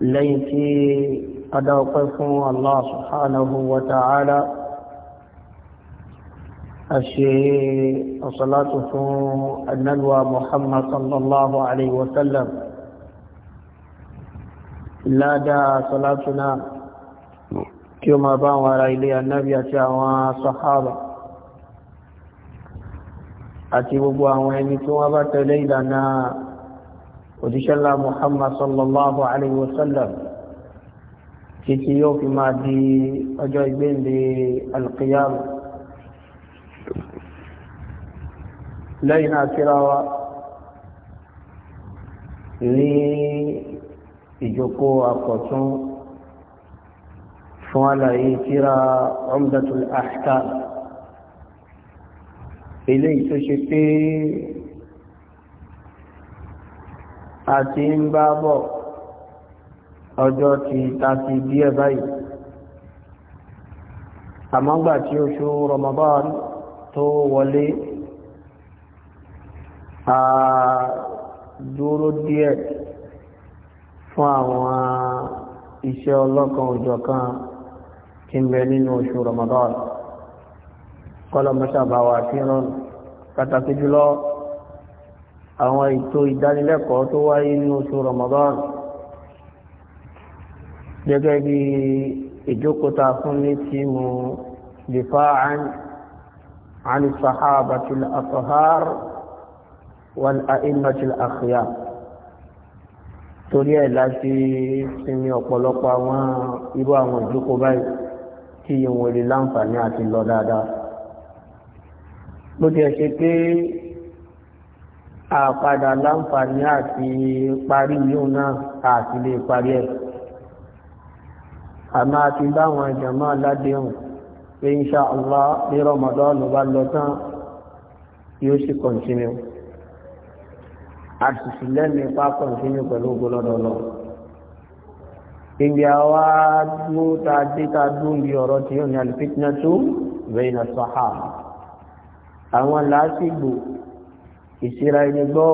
ليتي أدوقف الله سبحانه وتعالى الشيء الصلاة النلوى محمد صلى الله عليه وسلم لا دا صلاتنا كما بان ولا إلي النبي أتي صحابة أتي بوبوا ويني بات ليلة òjíṣẹ́ ńlá muhammad sallallahu alayhi wa sallam títí yóò fi máa di ọjọ́ ìgbéǹde alqiyam lẹ́yìn náà síra wa ní ìjókòó àkọ́tún fún àlàyé síra umdatul ahkam eléyìí tó pé àti ń bá bọ̀ ọjọ́ ti tàbí díẹ̀ báyìí àmọ́gbà tí oṣù Ramadan tó wọlé a dúró díẹ̀ fún àwọn iṣẹ́ ọlọ́kan òjọ̀ kan tí ń bẹ nínú oṣù Ramadan kọlọmọ́sàbáwà fíran pàtàkì jùlọ àwọn ètò ìdánilẹ́kọ̀ọ́ tó wáyé ní oṣù Ramadan gẹ́gẹ́ bí ìjókòta fún ní tí mo difa'an عن الصحابة الأطهار والأئمة الأخيار torí ẹ̀ la ṣe sinmi ọ̀pọ̀lọpọ̀ àwọn irú àwọn ìjókòó báyìí tí ìwọ̀n lè láǹfààní àti lọ dáadáa àpadà láǹfààní àti parí yóò náà àti lè parí ẹ̀ àmá ti báwọn ìjàmá ládéhùn pé insha Allah ní rọmọdọ́ọ̀nù bá lọ tán yóò sì kọ̀ntínú àtìsí lẹ́nu ipá kọ̀ntínú pẹ̀lú ogolọ́dọ̀ọ̀lọ́ ìgbà wa dúró tá a dé tá a dúró bí ọ̀rọ̀ tí yóò ní alifitnatu bẹ́ẹ̀ ní àwọn làásìgbò ìṣera ẹni gbọ́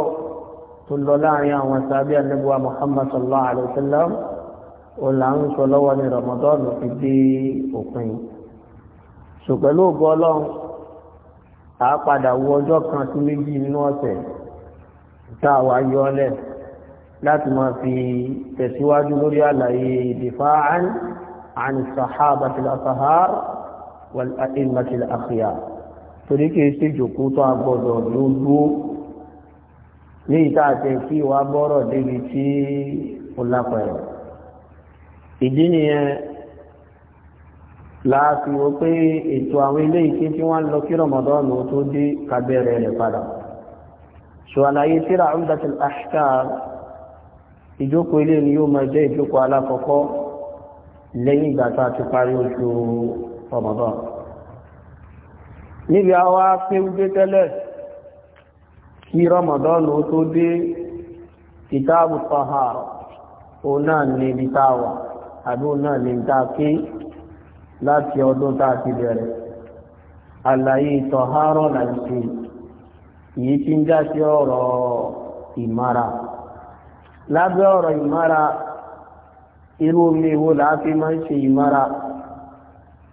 tó lọ láàrin àwọn sábẹ́ àdébùwà Muhammad sallallahu alayhi wa sallam ó là ń sọ lọ́wọ́ ní Ramadan fi dé òpin sọ pẹ̀lú ògbọ́ ọlọ́run a padà wo ọjọ́ kan sí méjì nínú ọ̀sẹ̀ tá a wá yọ ọlẹ̀ láti máa fi tẹ̀síwájú lórí àlàyé difa'an an sahabatil asahar wal a'immatil akhyar torí kìí ṣe jòkó tó a gbọ́dọ̀ lójú ní ìta àti kí wa bọ́rọ̀ débi tí ó lápẹ̀rẹ̀ ìdí nìyẹn láàfi wo pé ètò àwọn ilé ìké tí wọ́n lọ kí rọmọdọ́nù tó dé kábẹ́rẹ́ rẹ̀ padà ṣò àlàyé tíra Umdatul Ahkam ìjókòó ilé ni yóò máa jẹ́ ìjókòó alákọ̀ọ́kọ́ lẹ́yìn ìgbà tá a ti parí oṣù rọmọdọ́nù níbi àwa pé wípé tẹ́lẹ̀ kí rọmọdọ́nù tó dé kìtàbù tahara òun náà ní ibi tá a wà àbí òun náà ní ibi tá a ké láti ọdún tá a ti bẹ̀rẹ̀ àlàyé tahara láti ṣe èyí tí ń já sí ọ̀rọ̀ ìmára lábẹ́ ọ̀rọ̀ ìmára irú omi wo làá fi máa ń ṣe ìmára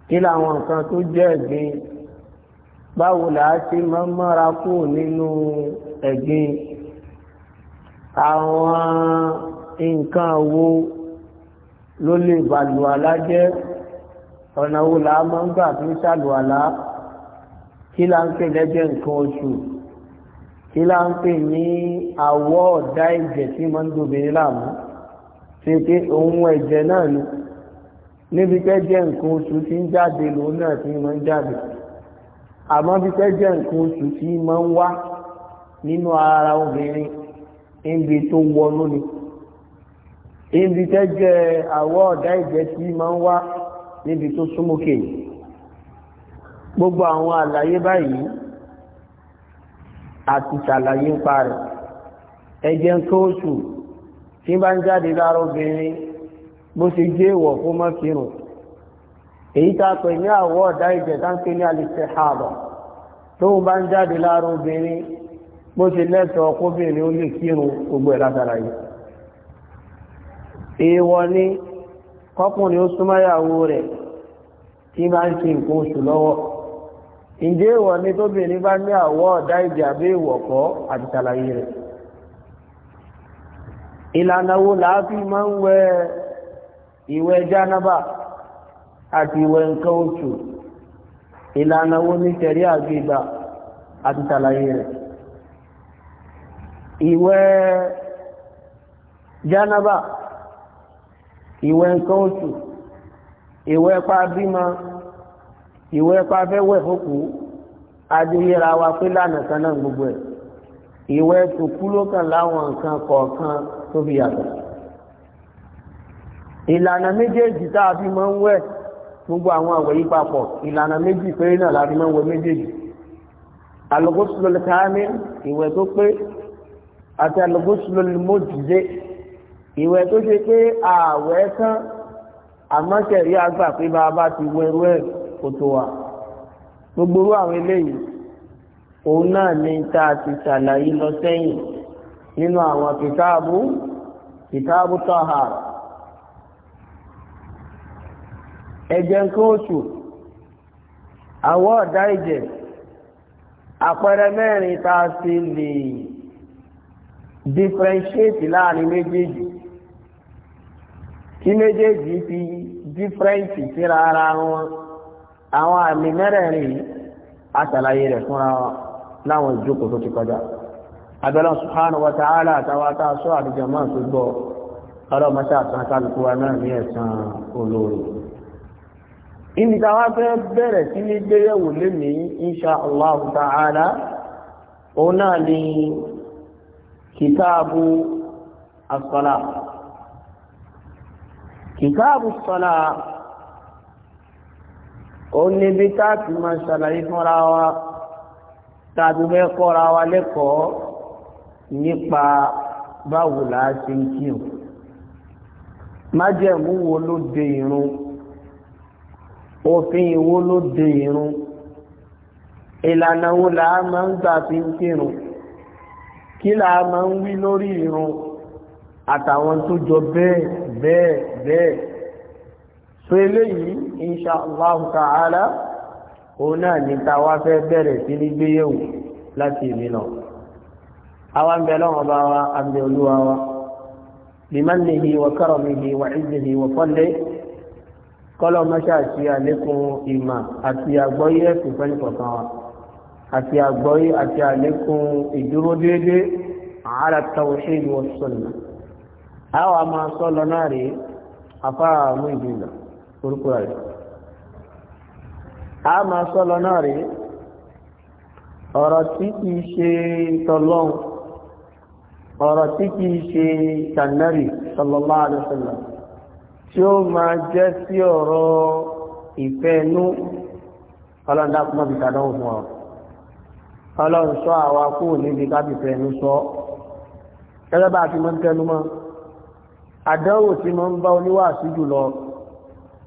kí làwọn nǹkan tó jẹ́ ẹ̀gbin báwo là á ṣe máa mọ́ra kú nínú ẹ̀gbin àwọn nǹkan wo ló lè bàlùwàlá jẹ́ ọ̀nà wo là á máa ń gbà fi ṣàlùwàlá kí là ń pè lẹ́jẹ̀ nǹkan oṣù kí là ń pè ní àwọ̀ ọ̀dá ẹ̀jẹ̀ tí máa ń dòbìnrin láàmú ṣe pé ohun ẹ̀jẹ̀ náà ni níbi tẹ́jẹ̀ nǹkan oṣù ti ń jáde lòun náà ti máa ń jáde àmọ́ bí fẹ́ jẹ́ nǹkan oṣù tí máa ń wá nínú ara obìnrin ibi tó wọnú ni ibi tẹ́ jẹ́ àwọ̀ ọ̀dá ìjẹ́ tí máa ń wá níbi tó súnmọ́kè gbogbo àwọn àlàyé báyìí àti ṣàlàyé ń pa rẹ̀ nǹkan oṣù tí bá ń jáde lára obìnrin bó ṣe jẹ́ ìwọ̀ fún mọ́kìrùn èyí kwenye a pè ní àwọ̀ ọ̀dá ìjẹ̀ táǹkì ní alìsẹ̀ ààbọ̀ tó ń bá ń jáde láàrú obìnrin bó ṣe lẹ́tọ̀ọ́ kóbìnrin ó lè kírun gbogbo yìí ni kọkùnrin ó súnmọ́yàwó rẹ̀ tí wo fi àti ìwẹ̀ nǹkan oṣù ìlànà wo ní tẹ̀rí àgbègbà àti tàlàyé rẹ̀ ìwẹ̀ jánábà ìwẹ̀ nǹkan oṣù ìwẹ̀ pa bímọ ìwẹ̀ pa fẹ́wẹ̀ fókù adúyẹ́ra wa pé lánà kan náà gbogbo ẹ̀ ìwẹ̀ tòkú láwọn nǹkan kọ̀ọ̀kan tó fi yàtọ̀ ìlànà méjèèjì tá a fi máa ń wẹ̀ gbogbo àwọn àwẹ̀ yìí papọ̀ ìlànà méjì péré náà láti máa ń wẹ̀ méjèèjì alughuslul kamil ìwẹ̀ tó pé àti alughuslul mujzi ìwẹ̀ tó ṣe pé ààwẹ̀ tán àmọ́ ṣẹ̀rí àgbà pé bá a bá ti wẹ̀rú ẹ̀ kò wa gbogbo àwọn eléyìí òun náà ni tá a ti ṣàlàyé lọ sẹ́yìn nínú àwọn kìtáàbù kìtáàbù tọ́hàrà ẹ̀jẹ̀ nǹkan oṣù àwọ̀ ọ̀dá ìjẹ̀ àpẹẹrẹ mẹ́rin tá a ti lè differentiate láàrin méjèèjì kí méjèèjì fi different síra ara wọn àwọn àmì mẹ́rẹ̀ẹ̀rin àtàlàyé rẹ̀ fúnra wọn láwọn ìjókòó tó ti kọjá abẹ́lọ́ subhanahu wa ta'ala àtàwọn àtàṣọ́ àdìjọ máa tó gbọ́ ọlọ́mọṣẹ́ àtàkàlùkù wa náà ní ẹ̀sán olóore ìní tàwa fẹ́ bẹ̀rẹ̀ sí ní gbéyẹ̀wò lénìí insha Allah ta'ala òun náà ni kìtáàbù as-sala kìtáàbù as-sala òun ni bí táàkì máa ṣàlàyé fúnra wa tàbí fẹ́ kọ́ra wa lẹ́kọ̀ọ́ nípa báwo ṣe ń kírun májẹ̀mú wo ló de irun òfin ìwó ló de irun ìlànà wo là á máa ń gbà fi ń kírun kí là á máa ń wí lórí irun àtàwọn tó jọ bẹ́ẹ̀ bẹ́ẹ̀ bẹ́ẹ̀ so eléyìí insha Allah òun náà ní ta fẹ́ bẹ̀rẹ̀ sí ní gbéyẹ̀wò láti ìmìnà àwa ń bẹ lọ́wọ́n bá wa àmì olúwa wa bí mannihi wa karamihi wa izzihi wa fadlihi kọ́lọ̀ mọ́ṣá àti àlékún ìmọ̀ àti àgbọ́yé ẹ̀sìn fẹ́ni kọ̀ọ̀kan wa àti àgbọ́yé àti àlékún ìdúró déédé ààrẹ tawhid wa sunnah àwọn a máa sọ lọ náà rèé afárá mú ìdílà orúkọ rẹ̀ a máa sọ lọ náà rèé tí kìí ṣe tọlọ́hun ọ̀rọ̀ tí kìí ṣe tànàrí sallallahu alaihi tí ó máa jẹ́ sí ọ̀rọ̀ ìfẹ́ inú ọlọ́run dákun mọ́ bí sàdánwò fún ọ ọlọ́run sọ àwa kú níbi kábí fẹ́ sọ gẹ́gẹ́ bá a ti máa ń tẹnu mọ́ àdánwò tí mo ń bá oníwàásù jùlọ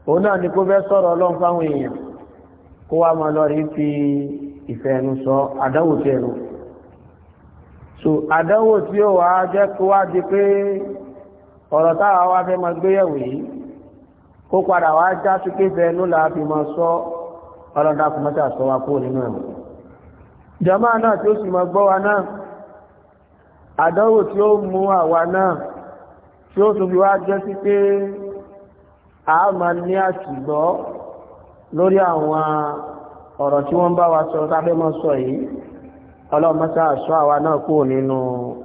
òun náà ni kó fẹ́ sọ̀rọ̀ ọlọ́run fáwọn èèyàn kó wá máa lọ fi ìfẹ́ sọ àdánwò tí so àdánwò tí ó wàá jẹ́ kó wá di pé ọ̀rọ̀ táwa wá fẹ́ máa gbéyẹ̀wò yìí kó padà wá já sí kéfẹ́ ló la fi máa sọ ọlọ́dà kò mọ́tà sọ wa kúrò nínú ẹ̀wọ̀n jama náà tí ó sì máa gbọ́ wa náà àdánwò tí ó mú àwa náà tí ó tún fi wá jẹ́ sí pé a máa ní àṣìgbọ́ lórí àwọn ọ̀rọ̀ tí wọ́n bá wa sọ tá máa sọ yìí ọlọ́mọ́sá àṣọ àwa náà kúrò nínú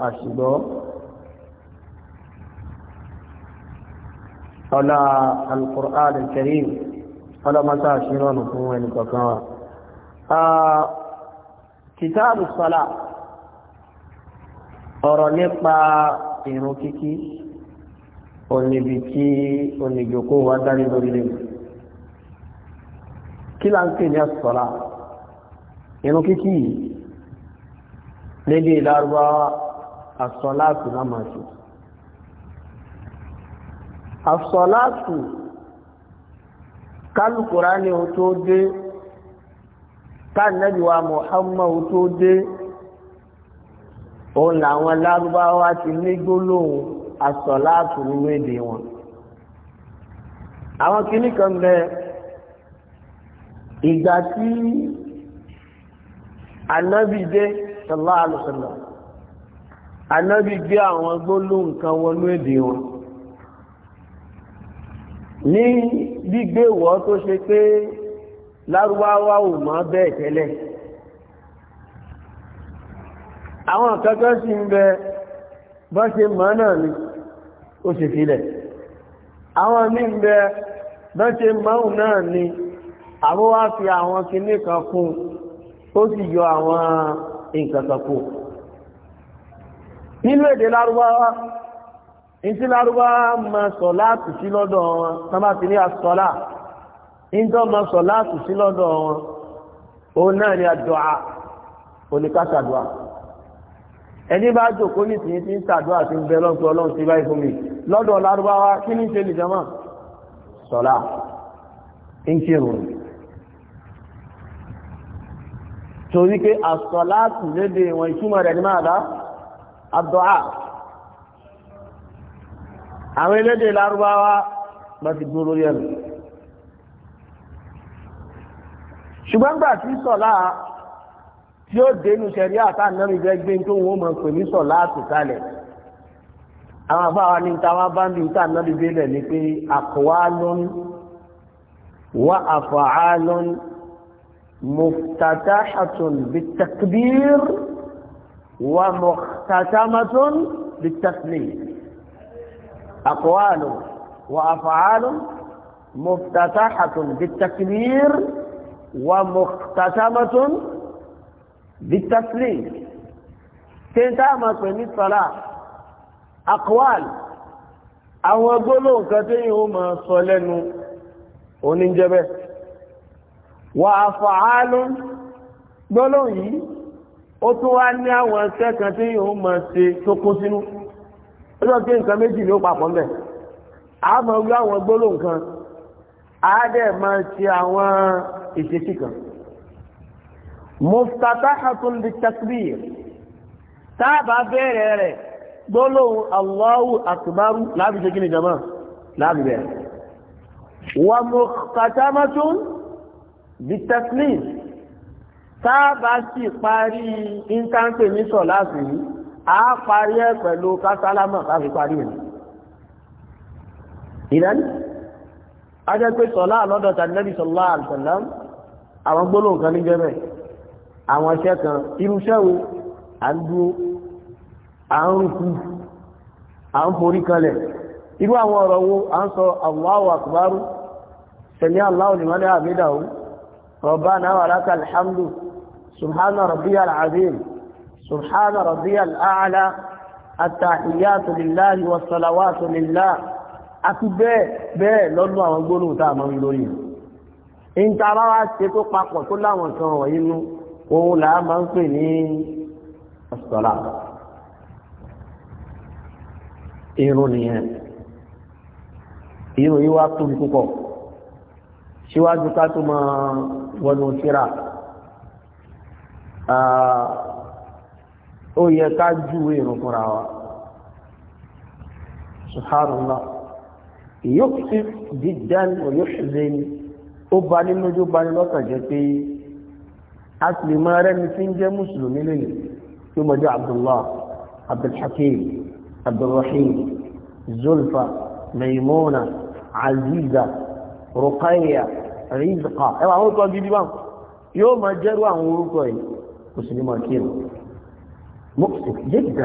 àṣìgbọ́ ọlá al-Qur'an al-Karim ọlọ́mọsá àṣírọ́nù fún ẹni kọ̀kan wa kìtàbù sọ́lá ọ̀rọ̀ nípa ìrun kíkí oníbi tí oníjòkó wa dání lórí lè kí là ń pè ní sọ́lá ìrun kíkí lédè Lárúbáwá àsọ́lá àti lámàṣù àsọ̀láàtù kálùkùrá ní o tó dé káànẹ́bíwá Muhammad o tó dé òun làwọn lárúbáwá ti ní gbólóhùn àsọ̀láàtù nínú èdè wọn àwọn kìíní kan bẹ ìgbà tí ànábì dé sallallahu alaihi wasallam gbé àwọn gbólóhùn kan wọnú èdè wọn ní gbígbéwọ̀ tó ṣe pé lárúbáwá ò mọ̀ bẹ́ẹ̀ tẹ́lẹ̀ àwọn kankan sì ń bẹ bọ́ ṣe mọ́ náà ni ó sì filẹ̀ àwọn mí ń bẹ bọ́ ṣe mọ́hùn náà ni àwọn wá fi àwọn kinní kan kún ó sì yọ àwọn nǹkan kan kún nínú èdè lárúbáwá ntí lárúbá máa sọ láti sí lọ́dọ̀ wọn tán bá ti ní asọ́lá ntọ́ máa sọ láti sí lọ́dọ̀ wọn òun náà ni àdúà oníkásàdúà ẹni bá jòkó nìsín tí ń sàdúà sí ń bẹ lọ́nkú ọlọ́run sí báyìí fún mi lọ́dọ̀ lárúbáwá kí ní ṣe nìjọmọ́ sọ́lá ń kírun torí pé àsọ̀lá sì léde wọn ìtumọ̀ rẹ̀ ní máa dá àdúà àwọn elédè lárúbáwá bá ti dúró lórí ẹ̀rù ṣùgbọ́n gbà tí sọ̀lá tí ó dénú ṣẹ̀rí àtànàmì fẹ́ gbé tó wọ́n mọ̀ pè ní sọ̀lá àtòkálẹ̀ àwọn àfáwà ní tàwa bá ń bí ìtànàmì bẹ́lẹ̀ ni pé àkọwálọ́n wà àfàálọ́n muftatahatun bitakbir wa muftatamatun bitaslim أقوال وأفعال مفتتحة بالتكبير ومختتمة بالتسليم تنتامة من الصلاة أقوال أو قولوا كتيهما صلنوا وننجبه وأفعال قولوا ó tún wá ní àwọn ẹsẹ́ ó sọ pé nǹkan méjì ni ó papọ̀ ń bẹ̀ a máa wí àwọn gbólóhùn kan a dẹ̀ máa ṣe àwọn ìṣesí kan muftatahatun bitakbir tá a bá bẹ̀rẹ̀ rẹ̀ gbólóhùn Allahu akbaru láàbì ṣe kí ni jama láàbì bẹ̀rẹ̀ wa muftatamatun bitaslim tá a bá sì parí íńtánpè ní sọ̀ láti yìí a parí ẹ pẹ̀lú kásálámà káfí parí ẹ̀ ìdán a jẹ́ pé sọ̀lá lọ́dọ̀ tàbí sọ̀lá àlùsọ̀lám àwọn gbólóhùn kan ní jẹ́mẹ̀ àwọn iṣẹ́ kan irúṣẹ́ wo à ń dúró à ń rúkú à ń forí kalẹ̀ irú àwọn ọ̀rọ̀ wo à ń sọ Allahu rabbana wa lakal hamdu subhana rabbiyal سبحان ربي الأعلى التحيات لله والصلوات لله àti bẹ́ẹ̀ bẹ́ẹ̀ lọ́dún àwọn gbólóhùn tá a máa ń lórí ń tara wá ṣe tó papọ̀ tó láwọn kan wọ̀nyí nú òun là á máa ń pè ní ọ̀sọ̀là irun nìyẹn irun yìí wá tóbi púpọ̀ síwájú ká tó máa wọnú síra ó yẹ ká júwe ìrun fúnra wa subhanallah ìyókùsí dídán òyókùsí ni ó ba nínú ojú ba ní lọ́kàn jẹ́ pé a sì lè máa rẹ́ni tí ń jẹ́ mùsùlùmí lónìí tí ó mọ̀jọ́ abdullah abdulhakeem abdulrahim zulfa maimuna aziza rukaya rizqa ẹwà àwọn orúkọ gidi báwọn yóò máa jẹ́rú àwọn orúkọ yìí kò sì ní máa kírun mọ́kùtù jẹ́gìdá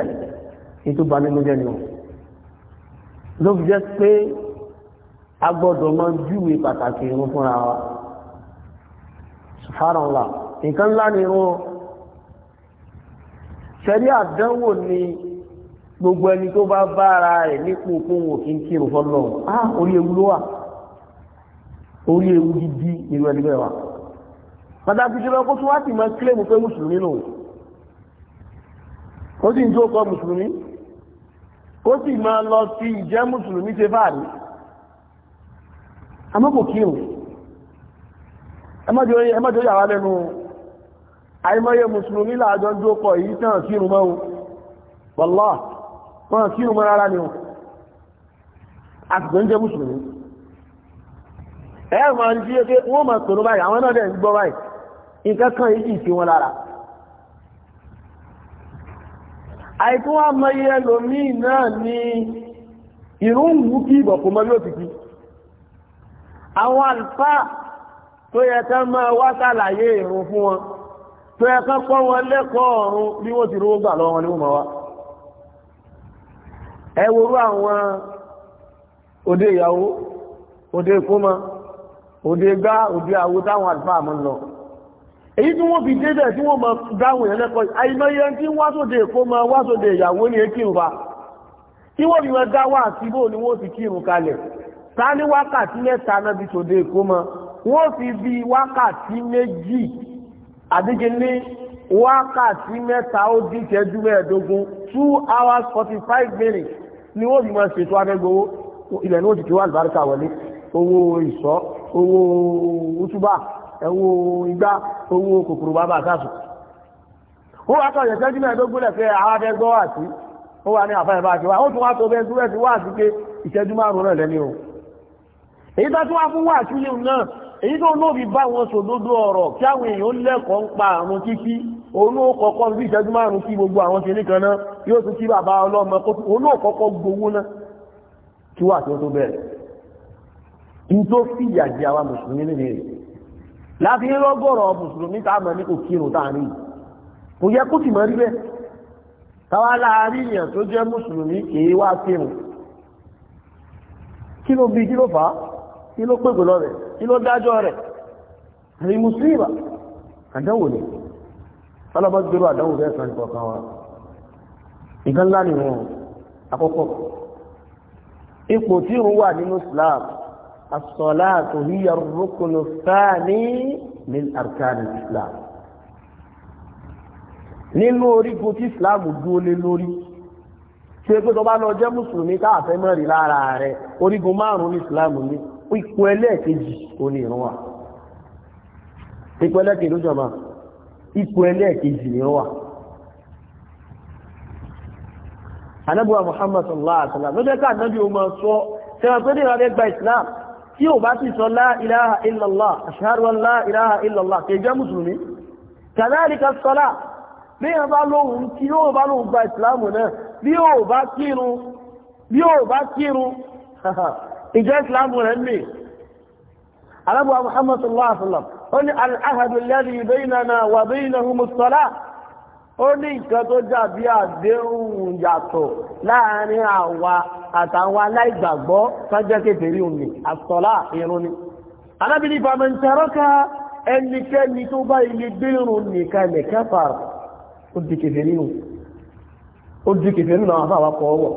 ètò banilójẹ́ ni wọ́n ló fi jẹ́ pé a gbọ́dọ̀ máa júwe pàtàkì irun fúnra wa subhanallah nǹkan ńlá ni irun ṣẹ̀rí àdánwò ni gbogbo ẹni tó bá bá ara rẹ̀ nípò kóhùn òfin kírun fọ́lọ́ ah orí ewu ló wà orí ewu gidi nínú ẹni bẹ́ẹ̀ wà pàtàkì jùlọ kó tún wá sì máa kílèmù pé mùsùlùmí lòun kó sì ń jó kọ mùsùlùmí kó sì máa lọ sí ìjẹ́ mùsùlùmí ṣe fàárí amọ́kò kírun ẹmọ́jọ́ yàwá lẹ́nu àìmọ́yẹ mùsùlùmí láàjọ ń jókọ̀ èyí tán kírun o wọ́lá wọ́n kírun mọ́ rárá ni àtìgbẹ́ ń jẹ́ mùsùlùmí ẹ̀rùn pé wọ́n báyìí àwọn náà dẹ̀ ń gbọ́ báyìí nǹkan kan àìkún wá mọ iye náà ni ìrúnwú kí ìbọ̀kún mọ́ yóò tìkí àwọn àlùfáà tó yẹ ká máa wá sàlàyé ìrun fún wọn tó yẹ ká kọ́ wọn lẹ́kọ̀ọ́ ọ̀run bí wọ́n ti rówó gbà lọ́wọ́ wọn ni wọ́n máa wá ẹ worú àwọn òde ìyàwó òde ìkómọ òde gbá òde àwo táwọn mọ́ lọ èyí tí wọ́n fi débẹ̀ tí wọ́n ma dáhùn ẹ̀lẹ́kọ́ àìmọ́yẹ tí wá sóde èkó ma wá sóde ìyàwó ní ekírun bá tí wọ́n fi ma dá wà sí bóò ni wọ́n fi kírun kalẹ̀ ta ní wákàtí mẹ́ta náà fi sóde èkó ma wọ́n fi bí wákàtí méjì àdíje ní wákàtí mẹ́ta ó dín ìṣẹ́jú mẹ́ẹ̀ẹ́dógún two hours forty five minutes ni wọ́n fi ma ṣètò abẹ́gbowó ilẹ̀ ní òṣìṣẹ́ wà lùbáríkà wọlé owó ìṣọ́ owó òtúbà ẹ̀wọ́ igbá owó kòkòrò bàbá sásù ó wá kọ̀yẹ̀ sẹ́jú mẹ́ẹ̀ẹ́dógúnlẹ̀ fẹ́ àwádẹ́ gbọ́ sí ó wà ní àfáìbá àti wá ó tún wá tó bẹ́ẹ̀ túrẹ́ wà tí ó tó bẹ̀rẹ̀ ní tó fìyà jẹ àwa mùsùlùmí nínú rẹ̀ láti ń lọ́gọ́rọ̀ mùsùlùmí tá a mọ̀ ní kò kírun tá a rí kò yẹ kó sì mọ̀ rí bẹ́ẹ̀ táwa láàárín èèyàn tó jẹ́ mùsùlùmí kìí wá kírun kí ló bí kí ló fà á kí ló pèpè lọ rẹ̀ kí ló dájọ́ rẹ̀ àrí mùsùlùmí àdánwò ni ọlọ́mọ gbèrò àdánwò bẹ́ẹ̀ kan kọ̀ọ̀kan wa ìgbà ńlá ni wọn àkọ́kọ́ ipò tí òun wà nínú Islam الصلاة هي الركن الثاني من أركان الإسلام nínú orígun tí islam dúró lé lórí ṣe pé tó bá lọ jẹ́ mùsùlùmí tá a fẹ́ mọ̀ rí lára rẹ̀ orígun márùn-ún ní islam ní ipò ẹlẹ́ẹ̀kejì ó ní ìrun wa ipò ẹlẹ́ẹ̀kejì ló jọba ipò ẹlẹ́ẹ̀kejì ní ìrun wa anábùwà muhammad sallallahu alaihi wa sallam ló jẹ́ ká ànábì ó máa sọ ṣe wọn pé ní ìrọ̀lẹ́ gba islam tí ò bá ti sọ láìláha ìlàlá aṣáàrùn láìláha ìlàlá kẹjẹ́ mùsùlùmí kàdáríkà sọ́lá bí i bá lóhun tí yóò bá lóhun gba ìsìláàmù náà bí ò bá kírun bí ò bá kírun ìjẹ́ ìsìláàmù rẹ̀ mì alábùwà muhammadu sallallahu alaihi ó ní al'ahadu alladhi baynana wa baynahum ó ní nǹkan tó dàbí àdéhùn yàtọ̀ láàrin àwa àtàwọn aláìgbàgbọ́ sájẹ́ kéferí òní àsọ̀lá irun ni alábìlì bàmẹ̀ntẹ̀rọ́ka ẹnikẹ́ni tó bá ilé gbérùn nìkan nìkẹfà ó di kéferí nù ó di kéferí nù àwọn àfáwà kọ ọwọ́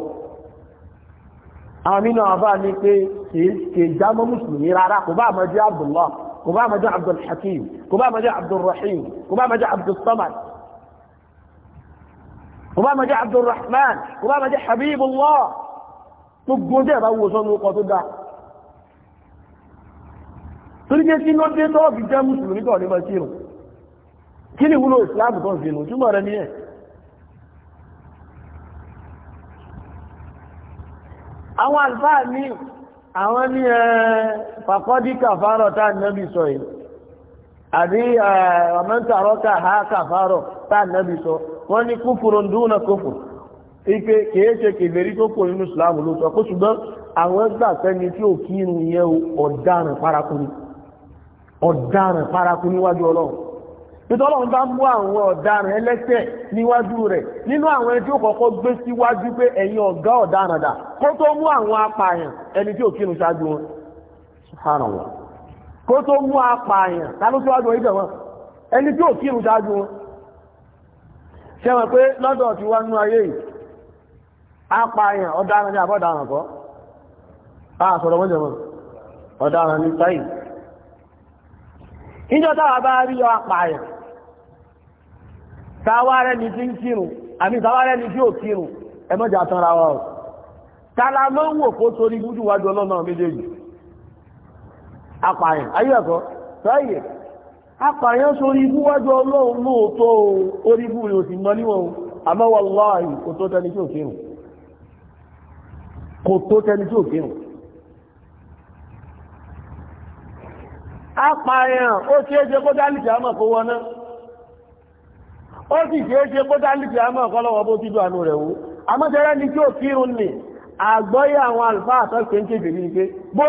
àwọn mínú àfáà ní pé kè jámọ́ mùsùlùmí rárá kò bá àmọ́jẹ́ Abdullah kò bá àmọ́jẹ́ Abdulhakim kò bá àmọ́jẹ́ Abdulrahim kò bá àmọ́jẹ́ Abdulsamad kò bá máa jẹ́ Abdulrahman kò bá máa jẹ́ Habibullah gbogbo dẹ̀ bá wo sọ́nù ọkọ̀ tó dáa torí pé kí ló dé tọ́ọ̀bì jẹ́ mùsùlùmí tọ̀ nípa sí ìrùn kí ni wúlò ìsìláàmù tó ń fi nù túmọ̀ rẹ nìyẹn àwọn àlùfáà ní àwọn ní ẹ fàkọ́dí kàfárọ̀ tá nẹ́bì sọ yìí àbí ọmọ ń tàrọ́ kà á kàfárọ̀ tá nẹ́bì sọ wọ́n ni kúfùrù dúnà kúfùrù ipe kìí ṣe kèfèrí tó kò nínú ìsìláàmù ló sọ kó tí o kí irun yẹn ọ̀daràn parakuni ọ̀daràn parakuni ọlọ́run bá mú àwọn ọ̀daràn níwájú rẹ̀ nínú àwọn ẹni tí ó kọ́kọ́ gbé síwájú pé ẹ̀yin ọ̀gá àwọn ṣẹ́wọ̀n pé lọ́dọ̀ ti wá nú ayé yìí apààyàn ní àbọ̀daràn kọ́ àṣọ̀rọ̀ wọ́n jẹ̀mọ̀ ní sáyì níjọ́ táwà bá rí ọ apààyàn táwárẹ́ ni tí ń àmì ni tí ò kírun ẹmọ́jà tanra wa tààlà mọ́ kó torí gúdù apààyàn sórí ibú wájú ọlọ́run lóòótọ́ orí ibú rẹ̀ sì mọ́ níwọ̀n àmọ́ wallahi kò tó tẹni tí ò kírun kò tó tẹni tí ò ó ṣe kó dálìkì àmọ́ kó wọná ó sì ṣe kó dálìkì àmọ́ kọ́lọ́wọ́ bó ti rẹ̀ ni tí ò kírun nì àgbọ́yé àwọn àlùfáà àtọ́kẹ́ ń pé bó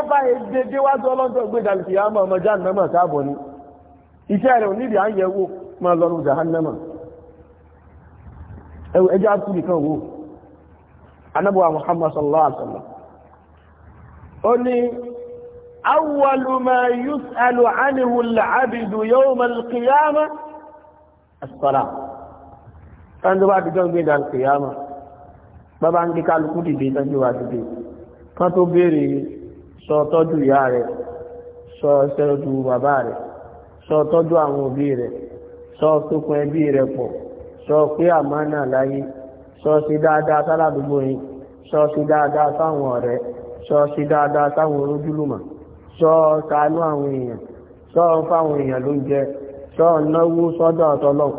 e iṣẹ́ rẹ̀ oníbi à ń yẹ wò máa lọ rùn jahannama ẹjọ́ àtúbì kan wò anábọ̀wà muhammad sallallahu alaihi wasallam ó ní awwalu ma yus'alu anhu al-'abdu yawm al-qiyamah as-salah tán tó bá ti jọ gbé dàn kìyàmà bàbá ń gbé kálukú dìde tán dìde kan tó béèrè sọ tọ́jú ìyá rẹ̀ sọ ẹsẹ̀ ojú bàbá rẹ̀ sọ tọ́jú àwọn òbí rẹ̀ sọ sókun ẹbí rẹ̀ pọ̀ sọ pé náà láyé sọ sí dáadáa sáládùúgbò yín sọ sí dáadáa sáwọn ọ̀rẹ́ sọ sí dáadáa sáwọn olójúlùmọ̀ sọ ṣàánú àwọn èèyàn sọ fáwọn èèyàn ló jẹ sọ náwó sọ́dọ̀ ọ̀tọ́lọ́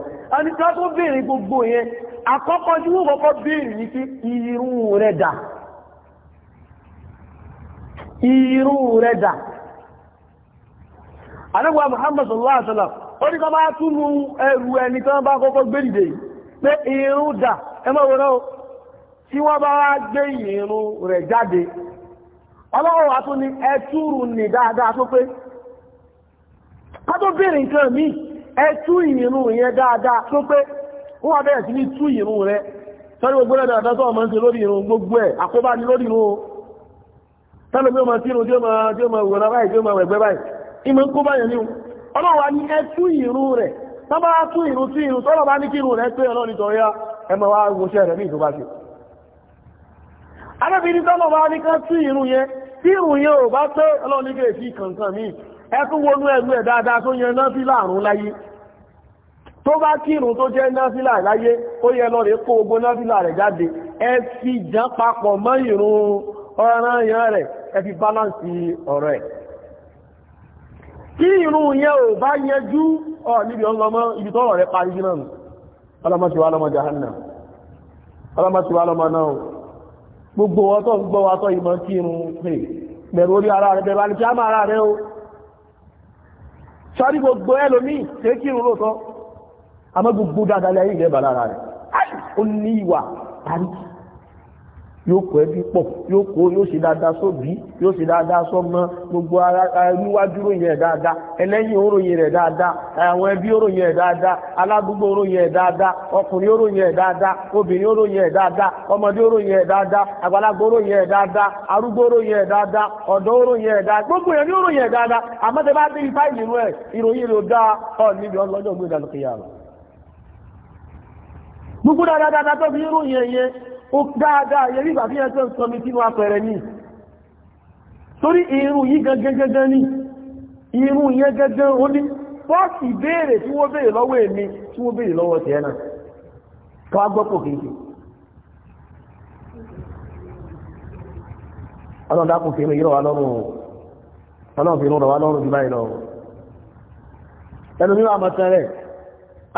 anẹ́gbà Muhammad sallallahu alaihi wasallam ó ní kọ́ bá ẹni tán bá kọ́kọ́ gbérìdè iru irun e ma wọ́n tí wọ́n bá wá gbé irun rẹ̀ jáde ọlọ́wọ́ wa tún ní ẹtúrù ní dáadáa tó so ká tó bèèrè nǹkan mí ẹtú irun yẹn dáadáa daada so pe, wá bẹ̀rẹ̀ si, gbogbo gbogbo ni lórí irun tẹ́lẹ̀ ìmọ̀ ń kó báyẹ̀ ní ọlọ́wà ní ẹtú ìrú rẹ̀ tán bá tú ìrú sí ìrú tọ́lọ̀ bá ní kí ìrú rẹ̀ pé ọlọ́ni tọ́ ya ẹmọ wa gbóṣẹ́ rẹ̀ ní ìtò bá ṣe arábìnrin tọ́lọ̀ bá ní ká tú ìrú yẹn tí ìrú yẹn ò bá tó ọlọ́ni kèrè sí kànkan míì ẹkún wọnú ẹgbẹ́ ẹ̀ dáadáa tó yẹn náà sí láàrún láyé tó bá kírun tó jẹ́ náfílà láyé ó yẹ lọ rẹ̀ kó ogun náfílà rẹ̀ jáde ẹ fi jẹ́ papọ̀ mọ́ ìrun ọ̀ranyàn rẹ̀ ẹ fi báláǹsì ọ̀rọ̀ ẹ̀ tí irun yẹn ò bá yẹjú ọ̀ níbi ọlọ́mọ ibi tọ́rọ̀ rẹ̀ parí sí náà ọlọ́mọsíwá ọlọ́mọ jahanna ọlọ́mọsíwá ọlọ́mọ náà gbogbo ọtọ́ ń gbọ́ wátọ́ ìmọ̀ kí irun pè bẹ̀rù orí ara rẹ̀ bẹ̀rù alìfíà máa ara rẹ̀ o sọ́rí gbogbo ẹlòmíì tẹ́ kí irun lóòótọ́ àmọ́ gbogbo dáadáa lẹ́yìn ìdẹ́bà lára rẹ̀ ó yóò kọ ẹbí pọ yóò kó yóò ṣe dáadáa sóbí yóò ṣe dáadáa sọ́mọ gbogbo ara wíwájú ròyìn ẹ̀ dáadáa ẹlẹ́yìn òròyìn rẹ̀ dáadáa àwọn ẹbí òròyìn ẹ̀ dáadáa aládùúgbò òròyìn ẹ̀ dáadáa ọkùnrin òròyìn ẹ̀ dáadáa obìnrin òròyìn ẹ̀ dáadáa ọmọdé òròyìn ẹ̀ dáadáa àgbàlagbà òròyìn ẹ̀ dáadáa arúgbó òròyìn dáadáa òròyìn dáadáa gbogbo òròyìn dáadáa bá dé ifá ó dáadáa yẹ nígbà tí yẹn tó ń sọmi sínú apẹ̀rẹ ní torí irun yìí gangan gangan ní irun yẹn gangan ó ní fọ́ọ̀sì béèrè tí wọ́n béèrè lọ́wọ́ èmi tí wọ́n béèrè lọ́wọ́ tẹ̀ náà káwá gbọ́pọ̀ kéèké ọlọ́dà kò fèrè yìí rọ̀ wá lọ́rùn ọlọ́run fèrè rọ̀ wá lọ́rùn jù báyìí lọ ẹnu nínú àmọ̀tán rẹ̀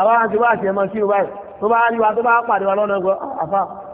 àwọn àti wá àti ẹ̀mọ́ sí ọ báyìí tó bá rí wa tó bá pàdé wa lọ́nà ẹgbẹ́ ah, àfáà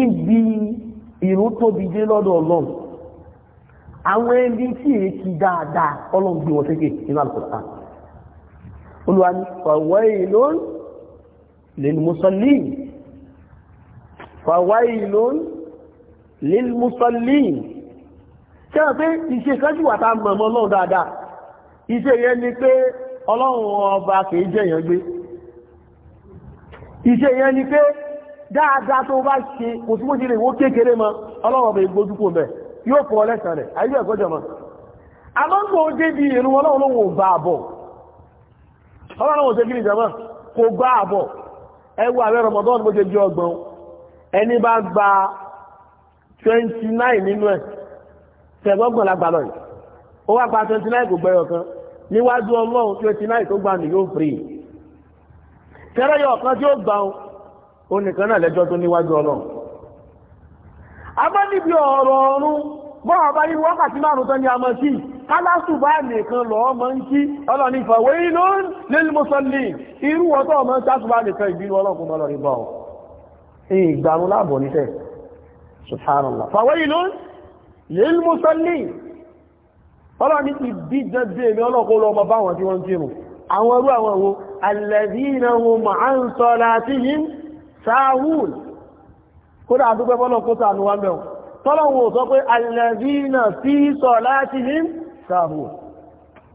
ibi ìrún tóbi dé lọ́dọ̀ ọlọ́run àwọn ẹbí tí èyí ti dáadáa ọlọ́run gbé wọn sókè nínú àlùkòrá olùwà ní fawailun lil musallin fawailun lil musallin tí a pé iṣẹ́ kájú wà tá a mọ̀ ọlọ́run dáadáa iṣẹ́ yẹn ni pé ọlọ́run ọba kìí jẹ̀yàn gbé iṣẹ́ yẹn ni pé dáadáa tó bá ṣe kò sí bójú lè wó kékeré mọ ọlọ́wọ́n bẹ̀ gbójú kò bẹ̀ yóò fọ ọlẹ́sàn rẹ̀ ayé ẹ̀kọ́jọ mọ́ àmọ́gbò débi ìrún ọlọ́run ló wò bá àbọ̀ ọlọ́run ò tẹ́kì nìjọba kò bá àbọ̀ ẹwọ àwẹ̀ Ramadan bó ṣe jẹ́ ọgbọ̀n ẹni bá gba 29 nínú ẹ̀ tẹ̀gbọ́gbọ̀n lágbà lọ yìí ó wá pa 29 kò gbẹ̀yọ̀ kan níwájú ọlọ́run 29 tó gbà ní free. fèrè tẹ́rẹ́yọ̀ kan tí ó gbà ọ́ ó nìkan náà lẹ́jọ́ tó níwájú ọlọ́run abánibi ọ̀rọ̀ ọ̀run bọ́ọ̀ bá ní wákàtí márùn tán ni a mọ̀ sí kálásù bá nìkan lọ ọmọ ń kí ọlọ́ni ìfàwé inú lélùmọ́sọ́lì irú ọ̀tọ́ ọmọ sásù bá nìkan ìbínú ọlọ́kùn mọ́ lọ́rí bọ́ ìgbàrún láàbọ̀ nítẹ̀ sahul kódà àdúgbẹ́ fọ́nà kó sànú wa mẹ́wọ̀n tọ́lọ̀wọ̀ sọ pé alẹ́bínà fi sọ láti him sahul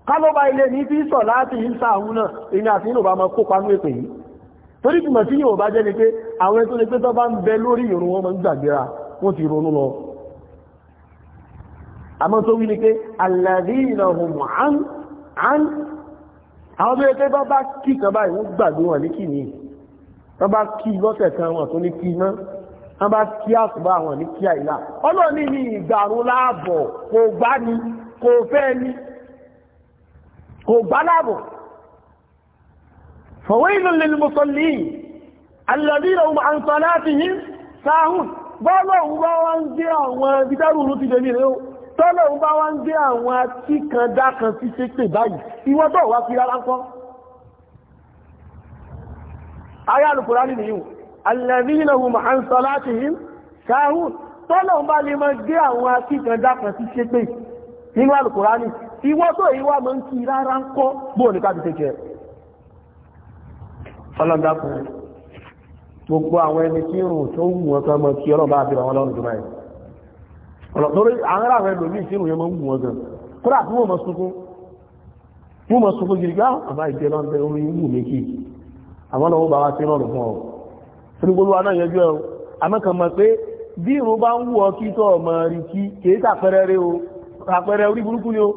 kálọ́bà ilé ní fi sọ láti him sahul náà ìní àti inú bá mọ́ kó panú èpè ni pé àwọn ètò ni pé tó bá ń bẹ lórí ìrun wọn mọ́ ń gbàgbéra wọ́n ti ronú lọ àmọ́ tó wí báyìí wọ́n gbàgbé wọn ní kìíní wọ́n bá kí lọ́sẹ̀ kan wọn tó ní kí mọ́ wọ́n bá kí àsùbá àwọn ní kí àìlá ọlọ́ọ̀ni ní ìgbàrún láàbọ̀ kò gbá ni kò fẹ́ ni kò gbá láàbọ̀ fawailun lil musallin alladhina hum an salatihim sahun bọ́lọ̀hun bá wá ń gbé àwọn bídárù ti dẹ̀mí rẹ̀ ó tọ́lọ̀hun bá wá ń gbé àwọn tí kan sí ṣépè báyìí ìwọ́n tó wá fi rárá kọ́ ayá alùkùránì nìyí alladhina hum an salatihim sahun tọ́lọ̀ bá lè mọ́ gé àwọn akíkanjá kan sí ṣépè nínú alùkùránì ìwọ́ tó ìwà mọ́ ń kí rárá ń kọ́ bóò ní káàkiri jẹ́ ọlọ́dàkùn gbogbo àwọn ẹni tí rùn tó wù wọn kan àwọn ọlọ́wọ́ bá wá sí rọrùn fún ọ fún gbogbo wa náà yẹjú ẹ o àmọ́kàn mọ̀ pé bí irun bá ń wù ọ kí tọ́ ọmọ rí kí kìí sàpẹrẹ rí o àpẹrẹ orí burúkú ni o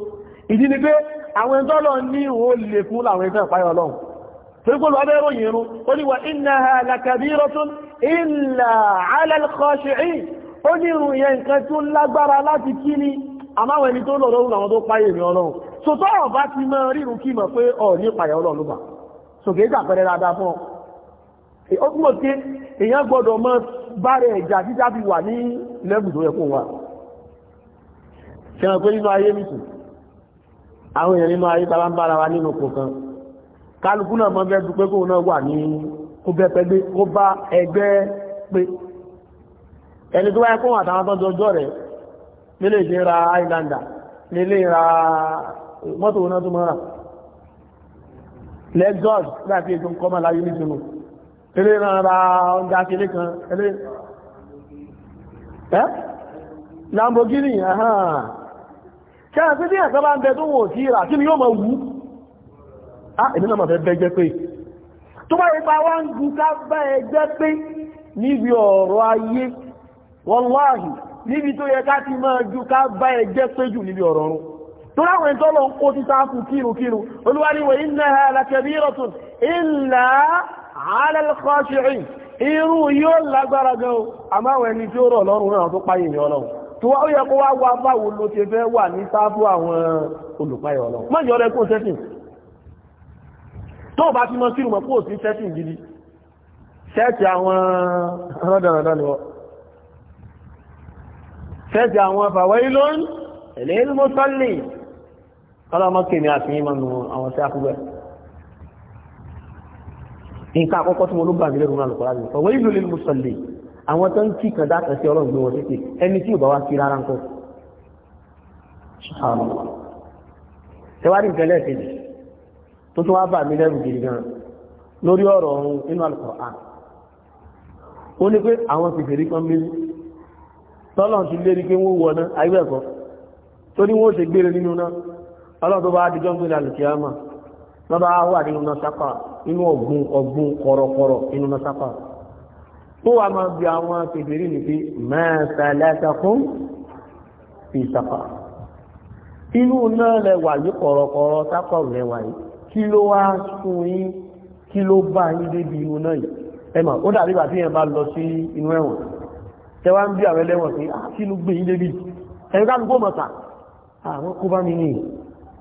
ìdí ni pé àwọn ẹ̀tọ́ lọ ní ìwò lè fún làwọn ẹ̀tọ́ ìpáyọ̀ ọlọ́run tó gbogbo abẹ́ ròyìn irun ó ní wà innaha lakabiratun illa ala al-khashi'in ó ní irun yẹn nǹkan tó lágbára láti kí ni àmáwọn tó lọ́rọ̀ làwọn tó páyè ní ọlọ́run sòkè ìsàpẹrẹ dáadáa fún ọ ó túnmọ̀ sí èèyàn gbọ́dọ̀ mọ́ bárẹ̀ ìjà títà fi wà ní lẹ́bù tó yẹ kó wà ṣẹ̀rọ pé nínú ayé nìtù àwọn èèyàn nínú ayé bàbá ń bára wa nínú kò kan kálukú náà mọ́ bẹ́ẹ̀ dúpẹ́ kóhun náà wà ní kó bẹ́ pẹ́gbé kó bá ẹgbẹ́ pé ẹni tó wáyé kóhun àtàwọn tó jọjọ́ rẹ̀ nílé ìṣe ra islander nílé ra mọ́tò náà tó mọ́ra Lagos láti ètò kọ́mọ̀ láyé ní ìṣòro eré ràn ọjà kéré kan eré ẹ́ Lamborghini ahàn ṣáà ní ẹ̀sọ́ bá ń bẹ tó wò sí ìrà kí ni yóò máa wú á ah, èmi náà máa fẹ́ bẹ́ jẹ́ pé tó bá ipa wá ń egbe ká bẹ́ ẹ jẹ́ pé níbi ọ̀rọ̀ ayé wọ́n láàyè níbi tó ti máa ju ká bá ẹ jẹ́ pé jù níbi ọ̀rọ̀ tó láwọn ẹni tọ́lọ ń kó ti sáàfù kírùkírù olúwaríwẹ̀ innaha lakabiratun illa ala al-khashi'in irú yóò lágbára gan àmáwọn ẹni tí ó rọ̀ lọ́rùn náà tó páyé ní ọlọ́run tó wá ó yẹ kó wá wá báwo ló ṣe fẹ́ wà ní sáàfù àwọn olùpáyé ọlọ́run má ìlú mọ́sánlẹ̀ ọlọ́mọ́kèmí àfihàn mọ́nu àwọn tí a kú bẹ́ nǹkan àkọ́kọ́ tí mo ló gbàgbé lẹ́rù náà lọ́kọ́lá mi ọ̀wọ́ ìlú lè mùsọ̀lẹ̀ àwọn tó ń kí kan dákan sí ọlọ́run gbé wọn títì ẹni tí ò bá wá sí rárá ń kọ́ ṣẹwárí nǹkan lẹ́ẹ̀kejì tó tún wá bà ní pé wọ́n wọ náà ayé torí wọ́n ṣe gbére nínú náà ọlọ́run tó bá dijọ́ ń gbé lálùkì àmà wọ́n bá wà nínú nọ́sápà inú ọ̀gbun ọ̀gbun kọ̀rọ̀kọ̀rọ̀ inú nọ́sápà tó wà máa bí àwọn kèfèrí ní pé mẹ́sàlẹ́sà fún ìsàpà inú náà lẹwà yìí kọ̀rọ̀kọ̀rọ̀ sápà lẹwà yìí kí ló wá sún yín kí ló bá yín débi inú náà yìí ẹ mà ó dàbí bàtí yẹn bá lọ sí inú ẹ̀wọ̀n tẹwàá ń bí àwọn ẹlẹ́wọ̀n pé ah, kí ló gbé yín débi ẹ̀ka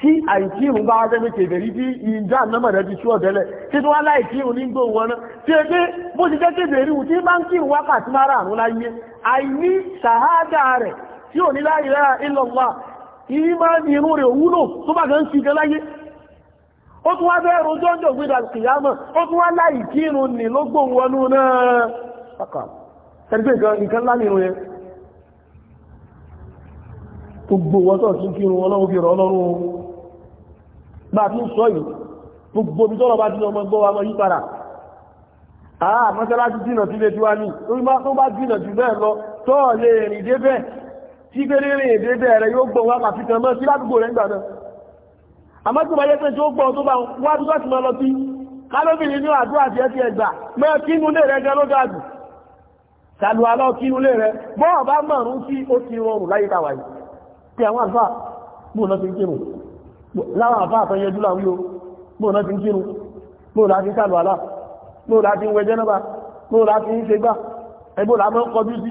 tí àìkírun bá wá jẹ́mi kèbèrí bí ìjà nọ́mọ̀ rẹ̀ ti tú ọ̀dẹ́lẹ̀ tí tó wá láìkírun ní gbóhùn wọn tí ó pé bó ti jẹ́ kèbèrí wù tí máa ń kírun wákàtí mara àrùn láyé àìní ṣàhádà rẹ̀ tí ò ní rẹ̀ máa rẹ̀ tó bá gan ti ó tún wá bẹ́ẹ̀ bá ti ń sọ yìí gbogbo omi tọ́lọ bá dínà ọmọ gbọ́ wa mọ́ yí padà àà mọ́sálásí dínà tí lè tí wá ní orí má tó bá dínà jù bẹ́ẹ̀ lọ tọ́ lè rìn débẹ̀ tí kéré rìn débẹ̀ rẹ̀ yóò gbọ́ wá pàfi kan mọ́ sí ládùúgbò rẹ̀ nígbà náà àmọ́ tí wọ́n yẹ pé tí ó gbọ́ tó bá wá tó tọ́ sí mọ́ lọ sí kálóbìnrin ní àdúrà tí ẹ ti ẹgbà mọ́ kínú lè rẹ gan ló dáàbò sàlù alọ́ kínú lè rẹ bọ́ọ̀ bá mọ̀rún sí ó ti rọrùn láyé táwa yìí pé láwọn àfá àtọ́ yẹjú láwí o bóò náà ti ń kírun bóò láti ń sàlù àlá bóò láti ń wẹ jẹ́nàbà bóò láti ń ṣe gbà ẹgbó làmọ́ ń kọjú sí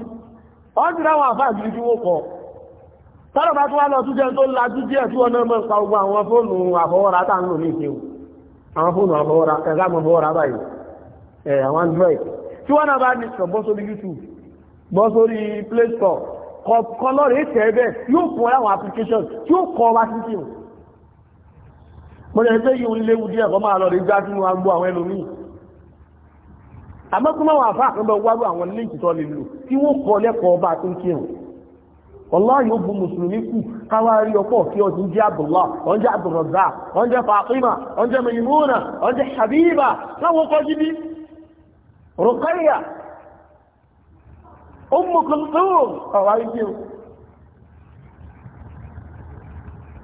ọ́n ti ráwọn àfá àjúrí tí wó kọ tọ́rọ̀ bá tún wá lọ túnjẹ́ tó lajú díẹ̀ tí wọ́n náà mọ́ pa ogun àwọn fóònù àfọwọ́ra tá ń lò ní ìṣe àwọn fóònù àfọwọ́ra android tí wọ́n náà bá ní youtube bọ́ sórí play store kọ́ lọ́rẹ̀ẹ́ tẹ́ bẹ́ẹ̀ yóò fún ọ láwọn application pẹ̀lú ẹgbẹ́ yìí ń léwu díẹ̀ kọ́ máa lọ rí gbá sínú agbó àwọn ẹlòmíì àmọ́kún máa wà kan bẹ wárú àwọn líǹkì tó lè lò tí wọ́n kọ́ lẹ́kọ̀ọ́ bá tó ń ọlọ́run yóò bu mùsùlùmí kù ọ ti ń jẹ́ jẹ́ jẹ́ jẹ́ jẹ́ kọ́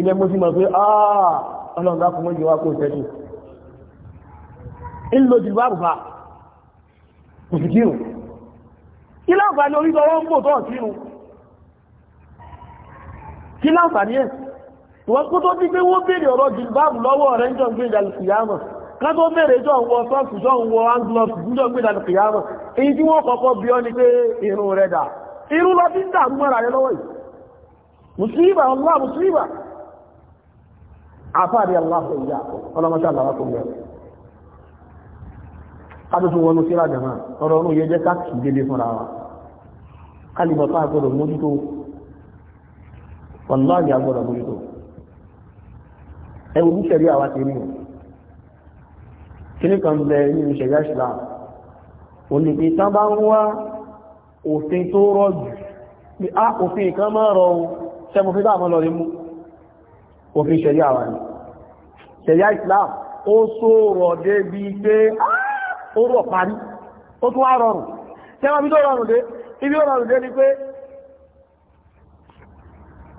ilẹ̀ mo ti mọ̀ pé àà ah, ọlọ́run dákun mọ́jú wá kó tẹ́lú ìlò jù bá bùfà kò sì kírun kí láǹfààní orí tọwọ́ ń bò tọ́ kírun kí láǹfààní ẹ̀ wọ́n kó tó ti pé wó bèèrè ọ̀rọ̀ jù bá bù lọ́wọ́ rẹ̀ ń jọ gbé ìdàlùkìyàmọ̀ ká tó bèèrè jọ ń wọ sọ́ọ̀sì jọ ń wọ anglọ́sì ń Allah mùsùlùmí àfáàrí aláfẹ́ ìyá ọlọ́mọṣẹ́ àlàáfẹ́ ìyá kájọ́tù wọnú sí rájàmá ọ̀rọ̀ ọ̀run yẹ jẹ́ káàkiri délé fúnra wa kálìbọ̀ tó àgbọ̀dọ̀ mójútó wọ̀láàgì àgbọ̀dọ̀ mójútó ẹwù ní ṣẹ̀rí àwa ti rí kíní kan bẹ nínú ṣẹ̀rí àṣìlá ònípe tán bá ń wá òfin tó rọ̀ jù pé á ah, òfin kan máa rọ̀ ṣẹ́mu fi bá àmọ́ lọ rí mú òfin ṣẹ̀yà wà ní ṣẹ̀yà Islam ó sóòrọ̀ débi pé ó rọ̀ parí ó tún wá rọrùn tẹ́wọ́n bí tó rọrùn dé ibi ó rọrùn dé ni pé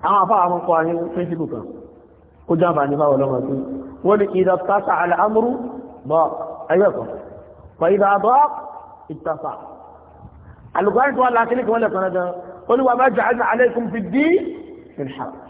àwọn afá àwọn kọ ayé píńsípù kan ó jábà ní fáwọn ọlọ́mọ sí wọ́n ni ìdá tásà àlàámúrú bọ́ ẹgbẹ́ kan fa ìdá bọ́ ìtàfà alùgbáyé tó wà lákìlì kan lẹ́kọ̀ọ́ náà olúwa má ja'alna alaykum fid-din min haraj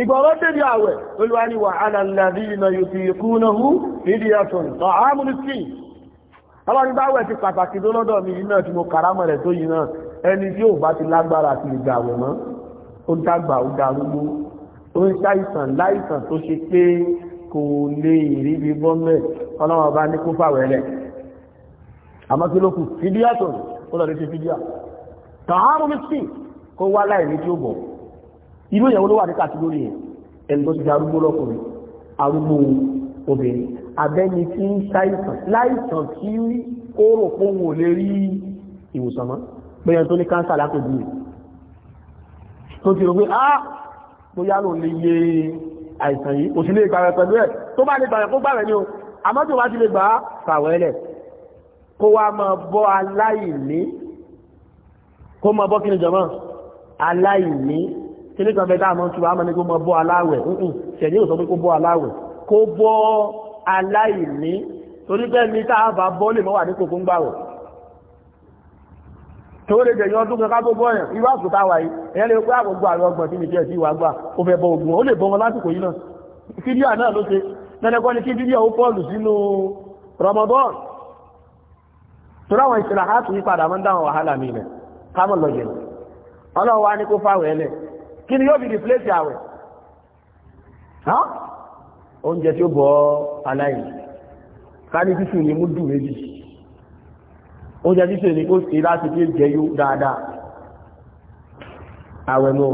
ìgbọ̀rọ̀ débi àwẹ̀ olúwariwà alàlàrí ìnà yóò ti kú náà hú nídìí ẹ̀sùn ọ̀hámù ní sí ọlọ́rin bá wẹ̀ ti pàtàkì tó lọ́dọ̀ mi yìí náà tí mo kàrámọ̀ rẹ̀ tó yìí náà ẹni tí ò bá ti lágbára àti ìgbà àwẹ̀ mọ́ ó dàgbà ó darúgbó ó ń ṣàìsàn láìsàn tó ṣe pé kò lè rí bí bọ́mẹ̀ ọlọ́run bá ní kó fàwẹ̀ irú ìyàwó ló wà ní kàtígórì yẹn ẹni tó ti di arúgbó lọ́kùnrin arúgbó obìnrin abẹ́ni tí ń ṣàìsàn láìsàn tí ó rò pé òun ò lè rí ìwòsàn mọ́ bóyá tó ní káńsà lápòjú rẹ̀ tó ti rò pé á ah, bóyá ló lè yẹ àìsàn yìí kò sí lè gbà rẹ̀ pẹ̀lú ẹ̀ tó bá lè gbà rẹ̀ kó gbà rẹ̀ ni o àmọ́ tí o bá ti lè gbà á fàwẹ́lẹ̀ kó wá máa bọ́ aláìní kó máa bọ́ kí ni jọmọ́ aláìní kíní kan bẹ dáàmọ́ tí wàá mọ́ ní kó mọ́ bọ́ aláwẹ̀ nǹkan ṣẹ̀yìn ò sọ pé kó bọ́ aláwẹ̀ kó bọ́ aláìní torí bẹ́ẹ̀ ni tá a bá bọ́ lè mọ́ wà ní kòkó ń gbà wọ̀ tó lè jẹ̀yìn ọdún kan ká tó bọ́ yẹn irú àsùtá wa yìí ẹ̀yẹ́ lè pé àgbègbè àwọn ọgbọ̀n tí mi jẹ́ sí ìwà gbà ó fẹ́ bọ ogun ó lè bọ́ wọn lásìkò yìí náà fídíò náà ló ṣe lẹ́nẹ́kọ́ ni kí fídíò ó pọ́ọ̀lù sínú Ramadan tó ráwọn ìṣẹ̀lẹ̀ àtúnyí padà mọ́ dáwọn wàhálà mi kí ni yóò fi replace àwẹ̀ oúnjẹ tí ó bọ́ aláìní kárí títù ní múdù méjì oúnjẹ títù ní kó ṣe láti fi jẹ yó dáadáa àwẹ̀ mọ́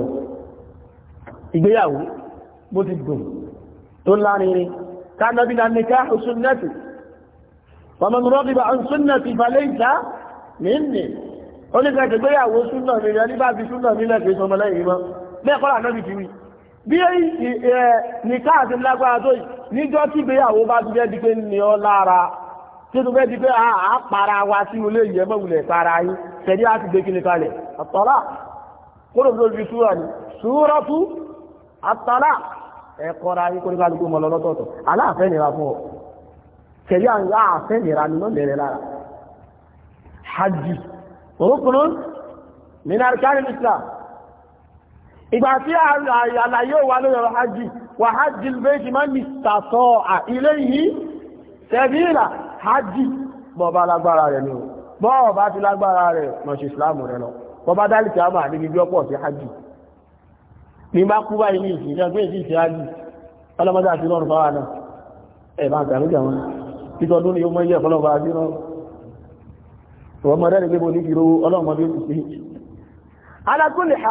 ìgbéyàwó bó ti dùn tó lárinrin kánàbí na nìká sunnati faman ragiba an sunnati falaysa ó ní kẹ́ ìgbéyàwó súnà mi rẹ̀ nígbà súnà mi lẹ́gbẹ̀ẹ́ sọmọlẹ́yìn mọ́ bẹ́ẹ̀ kọ́lá náà bìí wí bí nìkan àti lágbára tó yìí níjọ́ tí ìgbéyàwó bá ti jẹ́ di pé ní ọ lára tí tó fẹ́ di pé ah, a para wa sí olè yìí ẹgbẹ́ wulẹ̀ para yín tẹ̀lé láti gbé kíni kalẹ̀ àtọ́lá kúrò lórí fi súra ni súra tú àtọ́lá ẹ kọ́ra yín kórìkà lóko mọ́ lọ́tọ̀ọ̀tọ̀ aláàfẹ́ nira fún ọ tẹ̀lé àwọn ah, àfẹ́ nira ni wọ́n lára hajj òkùnrin nínú arkanin ìgbà tí àlàyé wà lórí ọ̀rọ̀ hajji wà hajji lèjì máa ní tàtọ́ à ilé yìí tẹ́bílà hajji bọ́ọ̀bá lágbára rẹ̀ ní bọ́ọ̀bá ti lágbára rẹ̀ mọ̀ṣẹ̀ islamu rẹ̀ lọ bọ́ọ̀bá dálìkì àmà níbi bí ọ̀pọ̀ sí hajji ní bá kú báyìí ní ìsìnkú ẹgbẹ́ ìdí ìsìn hajji ọlọ́mọdé àti lọ́rùn fáwà náà ẹ̀ bá ń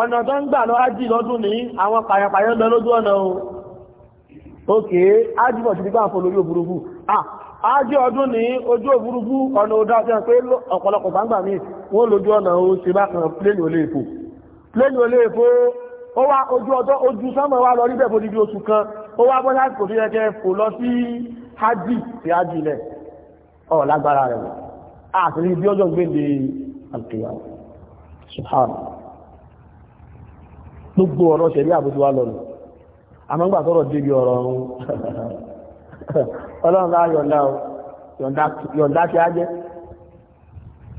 ọ̀nà tó ń gbà lọ ájì lọ́dún ní àwọn pàyàpàyà ń lọ lójú ọ̀nà o ókè ájì bọ̀ ti dígbà fún lórí òbúrúfú ájì ọdún ní ojú òbúrúfú ọ̀nà òdá ọ̀sẹ̀ pé ọ̀pọ̀lọpọ̀ gbangba o ṣe bá kan plénì olè èfò plénì olè èfò ó wá ojú ọjọ́ ojú sánmọ̀ wá lọ níbẹ̀ fòdìdí oṣù kan ó wá bọ́lá kò fi yẹkẹ́ fò lọ sí ájì sí subhanahu gbogbo ọ̀rọ̀ ṣẹ̀rí àbújú wa lọ́nà àmọ́gbà tọ́rọ̀ débi ọ̀rọ̀ ọ̀run ọlọ́run bá yọ̀ǹda yọ̀ǹda ṣe á jẹ́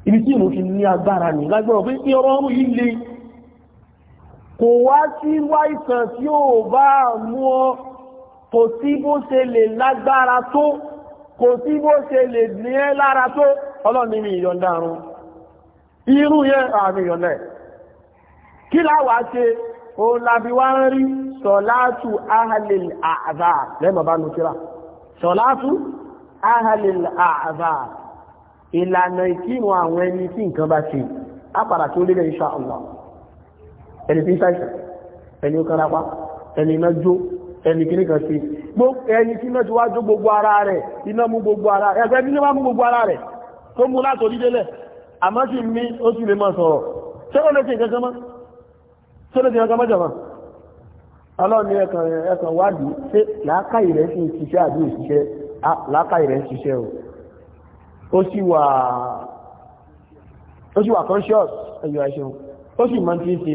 ibi tí ìlú fi ní agbára ní lágbọ́n pé kí ọ̀rọ̀ ọ̀run yìí le kò wá sí wáìsàn tí ó bá mú ọ kò sí bó ṣe lè lágbára tó kò sí bó ṣe lè ní ẹ́ lára tó ọlọ́run ní ìyọ̀ǹda àrùn irú ó lábi wá ń rí sọ̀látù ahalil àzà lẹ́mọ̀ bá nu kíra sọ̀látù ahalil àzà ìlànà ìkínu àwọn ẹni tí nǹkan bá ṣe ápàdà tí ó lé insha Allah ẹni tí ń ṣàìsàn ẹni ó kárápá ẹni iná jó ẹni kìíní kan sí ẹni tí iná ti wá jó gbogbo ara rẹ̀ iná mú gbogbo ara rẹ̀ ẹgbẹ́ iná mú gbogbo ara rẹ̀ tó mú látòrí délẹ̀ àmọ́ sì mí ó sì lè máa sọ̀rọ̀ ṣé ó lè ṣe nǹkan kan mọ́ sọ́dọ̀ ti ọjọ́ mọ́jọ̀ náà ọlọ́run ní ẹ̀kan ẹ̀kan wádìí ṣé làákàyè rẹ̀ sì ń ṣiṣẹ́ àbí òṣìṣẹ́ làákàyè rẹ̀ ń ṣiṣẹ́ o ó sì wà ó sì wà conscious ẹ̀yọ̀ àìṣeun ó sì máa ń tí ń ṣe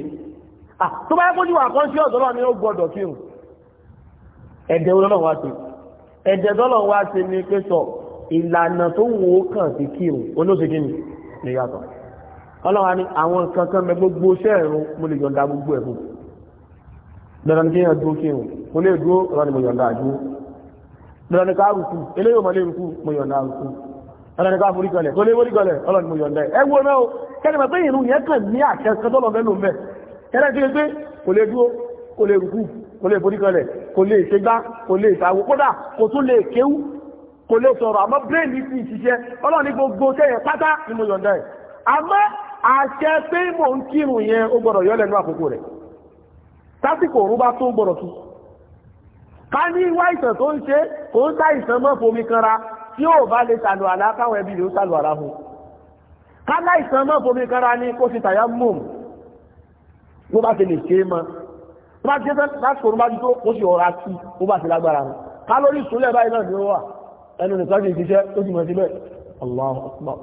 tó bá yẹ kó sì wà conscious ọlọ́run ni ó gbọ́dọ̀ fi hùn ẹ̀dẹ̀ ọlọ́run wá ṣe ẹ̀dẹ̀ ọlọ́run wá ṣe ni pé sọ ìlànà tó wù ó kàn sí kírun olóṣèkí ni yàtọ̀ ọlọ́wà ní àwọn kankan mẹ gbogbo iṣẹ́ ẹ̀rùn mo lè yọ̀ǹda gbogbo ẹ̀kùn dandan ní kéèyàn dúró kéèyàn mo lè dúró ọ̀rọ̀ ni mo yọ̀ǹda àdúró dandan ní ká rùkú eléyìí mo lè rùkú mo yọ̀ǹda rùkú dandan ní ká forí kalẹ̀ kó lè forí ni mo yọ̀ǹda ẹ̀ wo náà kẹ́ni pé ìrun yẹn kàn ní àṣẹ kẹtọ́lọ̀ mẹ́nu mẹ́ kẹ́lẹ́ ti pé kò lè dúró kò lè rùkú kò lè forí kalẹ̀ kò lè ṣègbá kò lè ṣàwò kódà kò tún lè kéwú kò lè sọ̀rọ̀ àmọ́ bírèèdì ti ṣiṣẹ́ ọlọ́run ní gbogbo sẹ́yìn pátá ni mo yọ̀ǹda ẹ̀ àmọ́ àṣẹ pé mò ń kírun yẹn ó gbọ́dọ̀ yọ lẹ́nu àkókò rẹ̀ tásìkò òun bá tó gbọ́dọ̀ tu ká ní wá ìsàn tó ń ṣe kò ń sáìsàn mọ́ fomi kanra tí ó bá lè sàlù àlá káwọn ẹbí rẹ̀ ó sàlù àlá fún ká láìsàn mọ́ fomi kanra ní kó sì tàyà mùm bó bá ṣe lè ṣe é mọ́ bó bá ṣe lásìkò òun bá tó kó sì ọ̀rá sí bó bá ṣe lágbára rẹ̀ ká lórí ìsúnlẹ̀ báyìí náà ni ó wà ẹnu nìkan ti ṣiṣẹ́ tó sì mọ̀ síbẹ̀ Allahu Akbar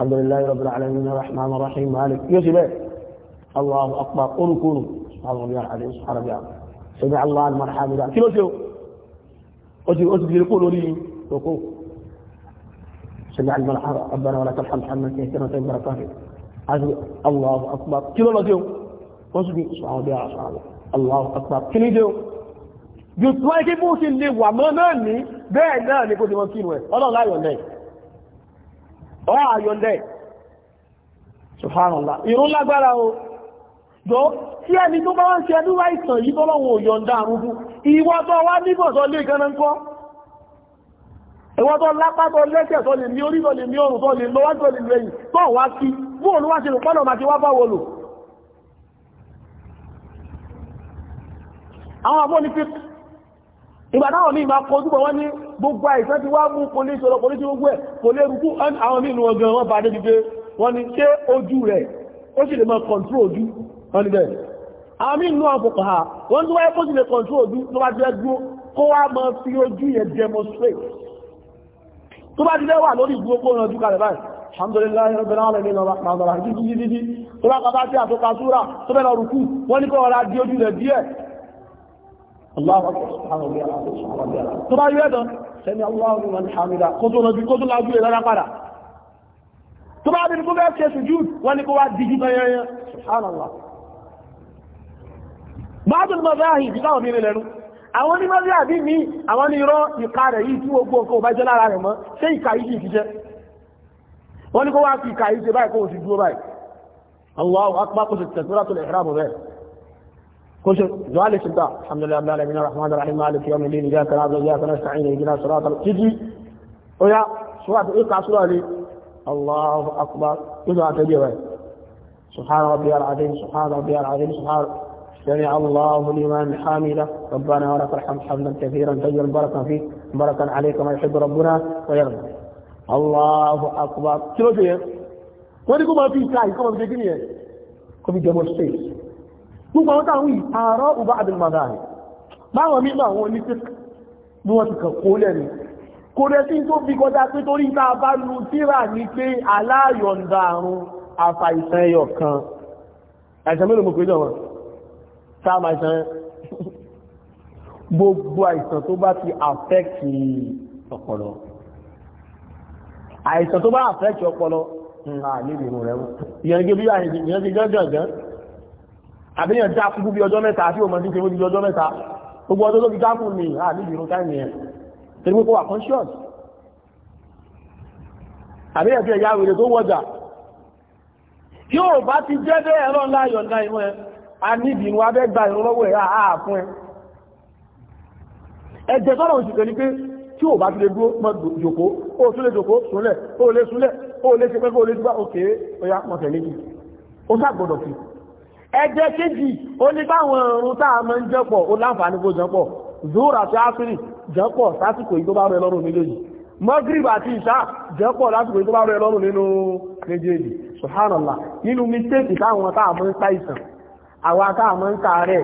الحمد لله رب العالمين الرحمن الرحيم مالك يوسف إيه؟ الله اكبر قولوا كونوا سبحان ربي العظيم سبحان ربي العظيم سمع الله لمن حمده كيلو شو اجي اجي ti لي ti سمع لمن حمده ربنا ولا ترحم محمد كيف كانت بركاته الله اكبر كيلو شو اجي ṣe o wọ́n سبحان ربي العظيم الله اكبر كيلو شو جو o yóò tó لي bó ti lè wà mọ́ náà ní bẹ́ẹ̀ náà ni kó ti mọ́ kí ni ko ọ́ àyọ̀ndẹ̀ subhanallah ìrún lágbára o jọ tí ẹni tó bá ń ṣe ẹdúrà ìtàn yìí tọ́lọ́wọ́ òyọ̀ndà àrùn ìwọ tó wá nígbọ̀sọ́ lé ganan kọ́ ìwọ tó lápá tó lẹ́sẹ̀ tó lè ní orí tó lè ní ọrùn tó lè lọ́wọ́ tó lè lẹ́yìn tó wá sí bóòlù wá sí lùpọ́nà máa ti wá bá wọlò àwọn àbọ́ ní pípẹ́ ìgbàdáwọn míì máa kọjúbọ̀ wọ́n ní gbogbo àìsàn ti wá mú kò lè ṣọ́rọ̀ kò lè tí gbogbo ẹ̀ kò lè rúkú àwọn míì wọn gan wọ́n bá dé gbígbé wọ́n ní ṣé ojú rẹ̀ ó sì lè máa kọ̀ntró ojú wọ́n ní bẹ́ẹ̀ àwọn míì nú ha wọ́n tó wáyé kó sì lè kọ̀ntró ojú tó bá jẹ́ dúró demonstrate tó bá jẹ́ wa rahman rahim tó bá kaba الله أكبر سبحان الله سبحان الله ترى يدا سمع الله لمن حمده قدر ربي قدر الله جل وعلا قرأ ترى من قبل أشياء سجود ونقوى الدجيب يا سبحان الله بعض المذاهب قالوا من لنا àwọn ní mọ́rí àbí ní àwọn ní irọ́ ìka rẹ̀ yìí tí gbogbo nǹkan ò bá jẹ́ lára rẹ̀ mọ́ ṣé ìka yìí ti jẹ́ wọ́n ní kó wá fi ìka yìí ṣe báyìí kó o sì dúró Allahu akbar kó sì tẹ̀síwájú tó lè ṣe كنت ذلك الدار الحمد لله رب العالمين الرحمن الرحيم مالك يوم الدين اياك نعبد واياك نستعين اهدنا صراط تجي ويا سوره اقرا سوره الله اكبر اذا تجي سبحان ربي العظيم سبحان ربي العظيم سبحان سمع الله لمن حمده ربنا ولك الحمد حمدا كثيرا طيبا بركا فيك بركه عليك ما يحب ربنا ويرضى الله اكبر شنو فيه؟ وين يكون ما في كاي يكون ما في كومي ديمونستريت gbogbo àwọn táwọn yìí àárọ̀ ọba àdìmọ̀dá rẹ̀ báwọn mímọ̀ àwọn oníṣẹ́ ni wọ́n ti kàn kó lẹ́nu kò rẹ̀ sí tó fi kọjá pé torí tá a bá lu tíra ní pé aláyọ̀ǹda àrùn àfàìsàn ẹyọ kan àìsàn mélòó mo pè jọ wọn sáàmù àìsàn gbogbo àìsàn àbíyàn já kúkú bí ọjọ́ mẹ́ta tí ó mọ̀ sí pé ó di ọjọ́ mẹ́ta gbogbo ọjọ́ tó fi já fún mi à níbi irun táìmì yẹn torí pé kó wà conscious àbíyàn tí ẹ̀yà wèrè tó wọ́jà tí ó bá ti jẹ́ bẹ́ẹ̀ ẹ̀rọ ńlá yọ̀ǹda ìwọ̀n ẹ̀ a níbi irun abẹ́ gba irun lọ́wọ́ ẹ̀ àá fún ẹ ẹ̀jẹ̀ tọ́lọ̀ oṣù tẹ̀lé pé tí ò bá ti lè dúró mọ́ jòkó ó tún lè jòkó súnlẹ̀ ó lè súnlẹ̀ ó lè ṣe pẹ́ kó lè dúgbà òkè ó yá mọ̀tẹ̀lẹ́jì ó sàgbọ́dọ̀ fi ẹjẹ́ kéjì ó ní báwọn ọ̀run tá a máa ń jẹ́pọ̀ ó láǹfààní kó jẹ́pọ̀ zuhur àti asiri jẹ́pọ̀ sásìkò yìí tó bá rẹ lọ́rùn méjèèjì magrib àti ìṣá jẹ́pọ̀ lásìkò yìí tó bá rẹ lọ́rùn nínú méjèèjì subhanallah nínú mistake táwọn tá a máa ń ṣàìsàn àwa tá a ń ṣàárẹ̀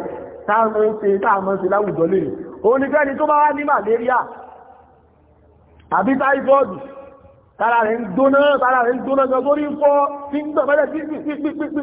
tá a máa ń ṣe tá a ń ṣe láwùjọ lèrè òun ni fẹ́ni tó bá wá ní malaria àbí táífọ́ọ̀dù tára rẹ̀ ń gbóná tára rẹ̀ ń gbóná gan tó fọ́ tí ń gbọ̀mọ́lẹ̀ pípípípípípí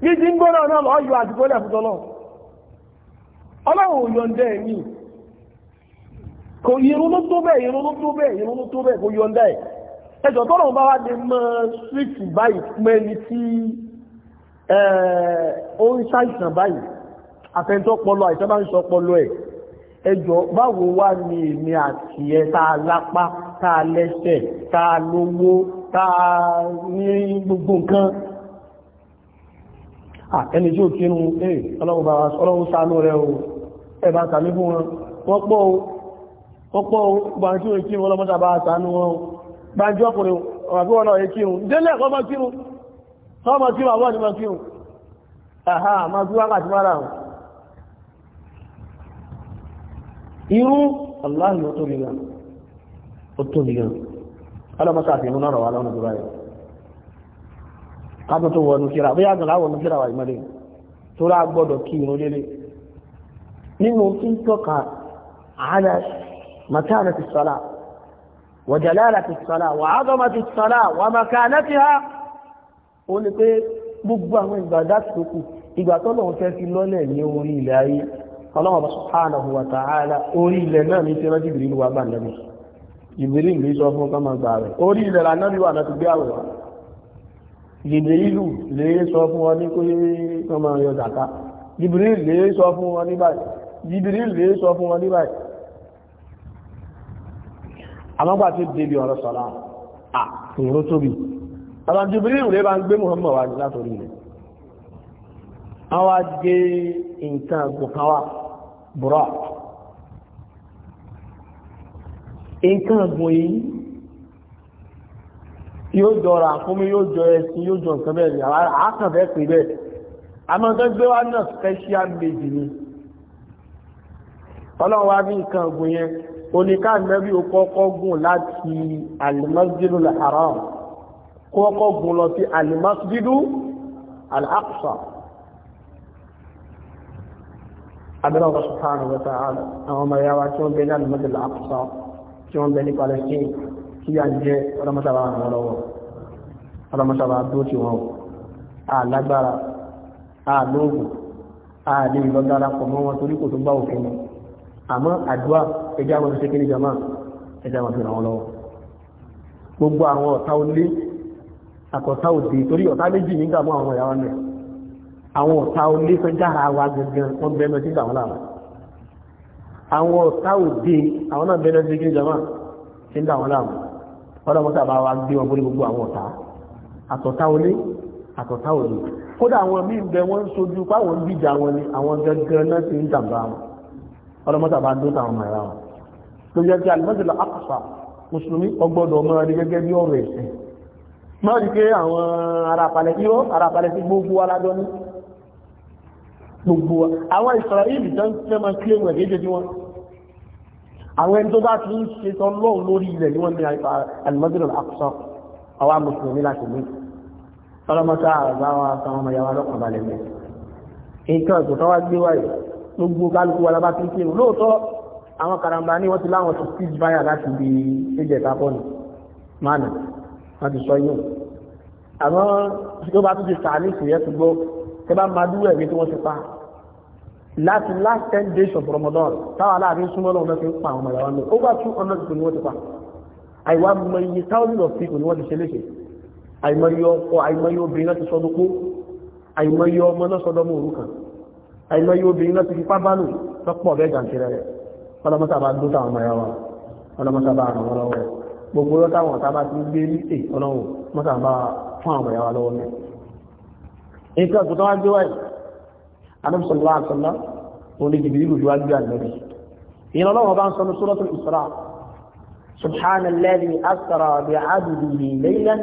bí ti ń gbóná náà lọ yọ àti gbóná fún tọ́lọ́ ọlọ́run ò yọ̀ǹda ẹ̀ ní kò irun ló tó bẹ́ẹ̀ irun ló tó bẹ́ẹ̀ irun ló tó bẹ́ẹ̀ kò yọ̀ǹda ẹ̀ ẹjọ́ tọ́lọ́run bá wá dé mọ́ síìtì báyìí mẹ́ni tí ó ń ṣàìsàn báyìí àfẹ́ntọ́ pọlọ àìsàn bá ń sọ pọlọ ẹ̀ ẹjọ́ báwo wá ní èmi àti ẹ tá a lápá tá a lẹ́sẹ̀ tá a lówó tá a ní gbogbo nǹkan ẹni tí ó kínú ẹ̀ ọlọ́run sánú rẹ̀ o ẹ̀bá sàmí fún wọn wọ́n pọ̀ o wọ́n pọ̀ o gbàǹ tí ó kínú ọlọ́mọ́ta bá sánú wọn o gbàǹjọ́ ọkùnrin ọ̀rọ̀ ọ̀nà ẹ̀ kínú délẹ̀ kọ́ mọ́ kínú kọ́ mọ́ kínú àwọn ọ̀nà kínú àhá máa fi wákàtí mára hàn irú aláàlú ó tóbi gan ó tóbi gan ọlọ́mọ́ta àfihàn náà rọ̀ wá lọ́nà tó báyìí kájọ tó wọnú kíra bí àgbà láwọnú kíra wà ìmọ̀lẹ̀ tó rà gbọ́dọ̀ kí irun lélẹ̀ nínú tí ń tọ́ka àádá màtáàlá ti sọ́lá wàjàlára ti sọ́lá wà ágọ́mà ti sọ́lá wà màkànà ti ha ó ní pé gbogbo àwọn ìgbà dáàtò kù ìgbà tó lọ́wọ́ fẹ́ fi lọ́lẹ̀ ní orí ilẹ̀ ayé ọlọ́wọ́ subhanahu wa ta'ala orí ilẹ̀ náà ní tíra jìbìrì wà bá nàbì jìbìrì ní sọ fún kọ́mà gbà rẹ̀ orí ilẹ̀ lànà bí wà láti gbé àwẹ̀ gèdè ìlú lè sọ fún wọn ní kó kọ́ máa yọ zàká jìbìrì lè sọ fún wọn ní báyìí jìbìrì lè sọ fún wọn ní báyìí àmọ́gbà tí débi ọ̀rọ̀ sọ̀rọ̀ à ìró tóbi ọ̀rọ̀ jìbìrì lè bá ń gbé Muhammad wá látòrí rẹ̀ àwọn agé nǹkan gùnkan wá yóò jọ ra fún mi yóò jọ ẹsìn yóò jọ nǹkan bẹ́ẹ̀ ni àákàn bẹ́ẹ̀ pé bẹ́ẹ̀ àmọ́ tó gbé wá náà special made ni ọlọ́run wá bí nǹkan ọ̀gùn yẹn oníká nẹ́bí ó kọ́kọ́ gùn láti alimasjidu haram kọ́kọ́ gùn lọ sí alimasjidu al abẹ́rẹ́ ọ̀gá subhanahu àwọn ọmọ ìyá tí wọ́n bẹ ní alimasjidu al tí wọ́n bẹ ní palestine tí a jẹ́ ọlọ́mọ́sàbà àwọn ọlọ́wọ́ ọlọ́mọ́sàbà tó ti wọn àlágbára àlóògùn ààlè ìlọ́dára pọ̀ mọ́ wọn torí kò tó bá òfin mu àmọ́ àdúrà ẹjá wọn ṣe kéde jama ẹjá wọn fi ràn wọn lọ́wọ́ gbogbo àwọn ọ̀tá olé àkọ̀tá òde torí ọ̀tá méjì nígbà mọ́ àwọn ìyàwó náà àwọn ọ̀tá olé fẹ́ dára wa gangan wọ́n bẹ́ẹ̀ mẹ́tí gbà wọ́n lára àwọn ọ̀tá òde àwọn náà bẹ́ẹ̀ mẹ́tí kéde jama ti ń dà wọ́n lára ọlọ́mọ́sá bá wa gbé wọn borí gbogbo àwọn ọ̀tá àtọ̀tá olé àtọ̀tá òde kódà àwọn míì bẹ wọ́n ń sojú páwọn ń bíjà wọn ni àwọn gangan náà ti ń jàmbá wọn ọlọ́mọ́sá bá dó táwọn ọmọ ẹ̀rá wọn tó yẹ kí alimọ́sílẹ̀ akọ̀fà mùsùlùmí ọgbọ́dọ̀ máa rí gẹ́gẹ́ bí ọ̀rọ̀ ẹ̀sìn máa rí pé àwọn ará palẹ̀ irọ́ ará palẹ̀ sí gbogbo alájọ́ ní gbogbo àwọn ìsọ̀rọ̀ ìbìtán fẹ́ máa kílẹ̀ wọn àwọn ẹni tó bá ti ń ṣe tán lọ́wọ́ lórí ilẹ̀ ní wọ́n ní alimọ́dúnrún àkùsọ àwa mùsùlùmí láti ní ọlọ́mọta àgbáwa àtàwọn ọmọ yàrá lọ́kàn balẹ̀ mẹ́ nǹkan ẹ̀kọ́ tó wá gbé wáyé gbogbo kálukú wa lábá ti ń kírun lóòótọ́ àwọn karambà ní wọ́n ti láwọn ti speed buyer láti ibi ṣéjẹ̀ ìtàkọ́nù mánà wọ́n ti sọ yóò àmọ́ tó bá tún ti sàánì ìṣòyẹ́ tó gbọ́ tẹ bá máa dúró ẹ̀mí tí wọ́n ti pa láti last ten days of Ramadan táwọn aláàbí súnmọ́ lọ́wọ́ fẹ́ pa àwọn ọmọ ìyàwó mi over two hundred people ni wọ́n ti pa àìwá mọye thousand of people ni wọ́n ti ṣe léṣe àìmọye ọkọ àìmọye obìnrin náà ti sọdún kó àìmọye ọmọ náà sọdún ọmọ òrukàn àìmọye obìnrin náà ti fi pábá lò lọ́pọ̀ ọ̀rẹ́ jàǹtìrẹ rẹ̀ ọlọ́mọta bá dún táwọn ọmọ ìyàwó ọlọ́mọta bá ràn wọ́n lọ́wọ́ rẹ̀ gbogbo ọjọ́ táwọn ọ̀tá bá ti ń gbé lítè ọlọ́run mọ́ta bá fún àwọn ọmọ ìyàwó lọ́wọ́ mi. nǹkan tó tán wá gbé wáyé anábìsọ̀lá àtọ́lá òun ni jìbìrì lù wá gbé àgbẹ̀rẹ̀ ìyẹn ọlọ́wọ́ bá ń sọ ní suratul Isra سبحان الذي أسرى بعبده ليلا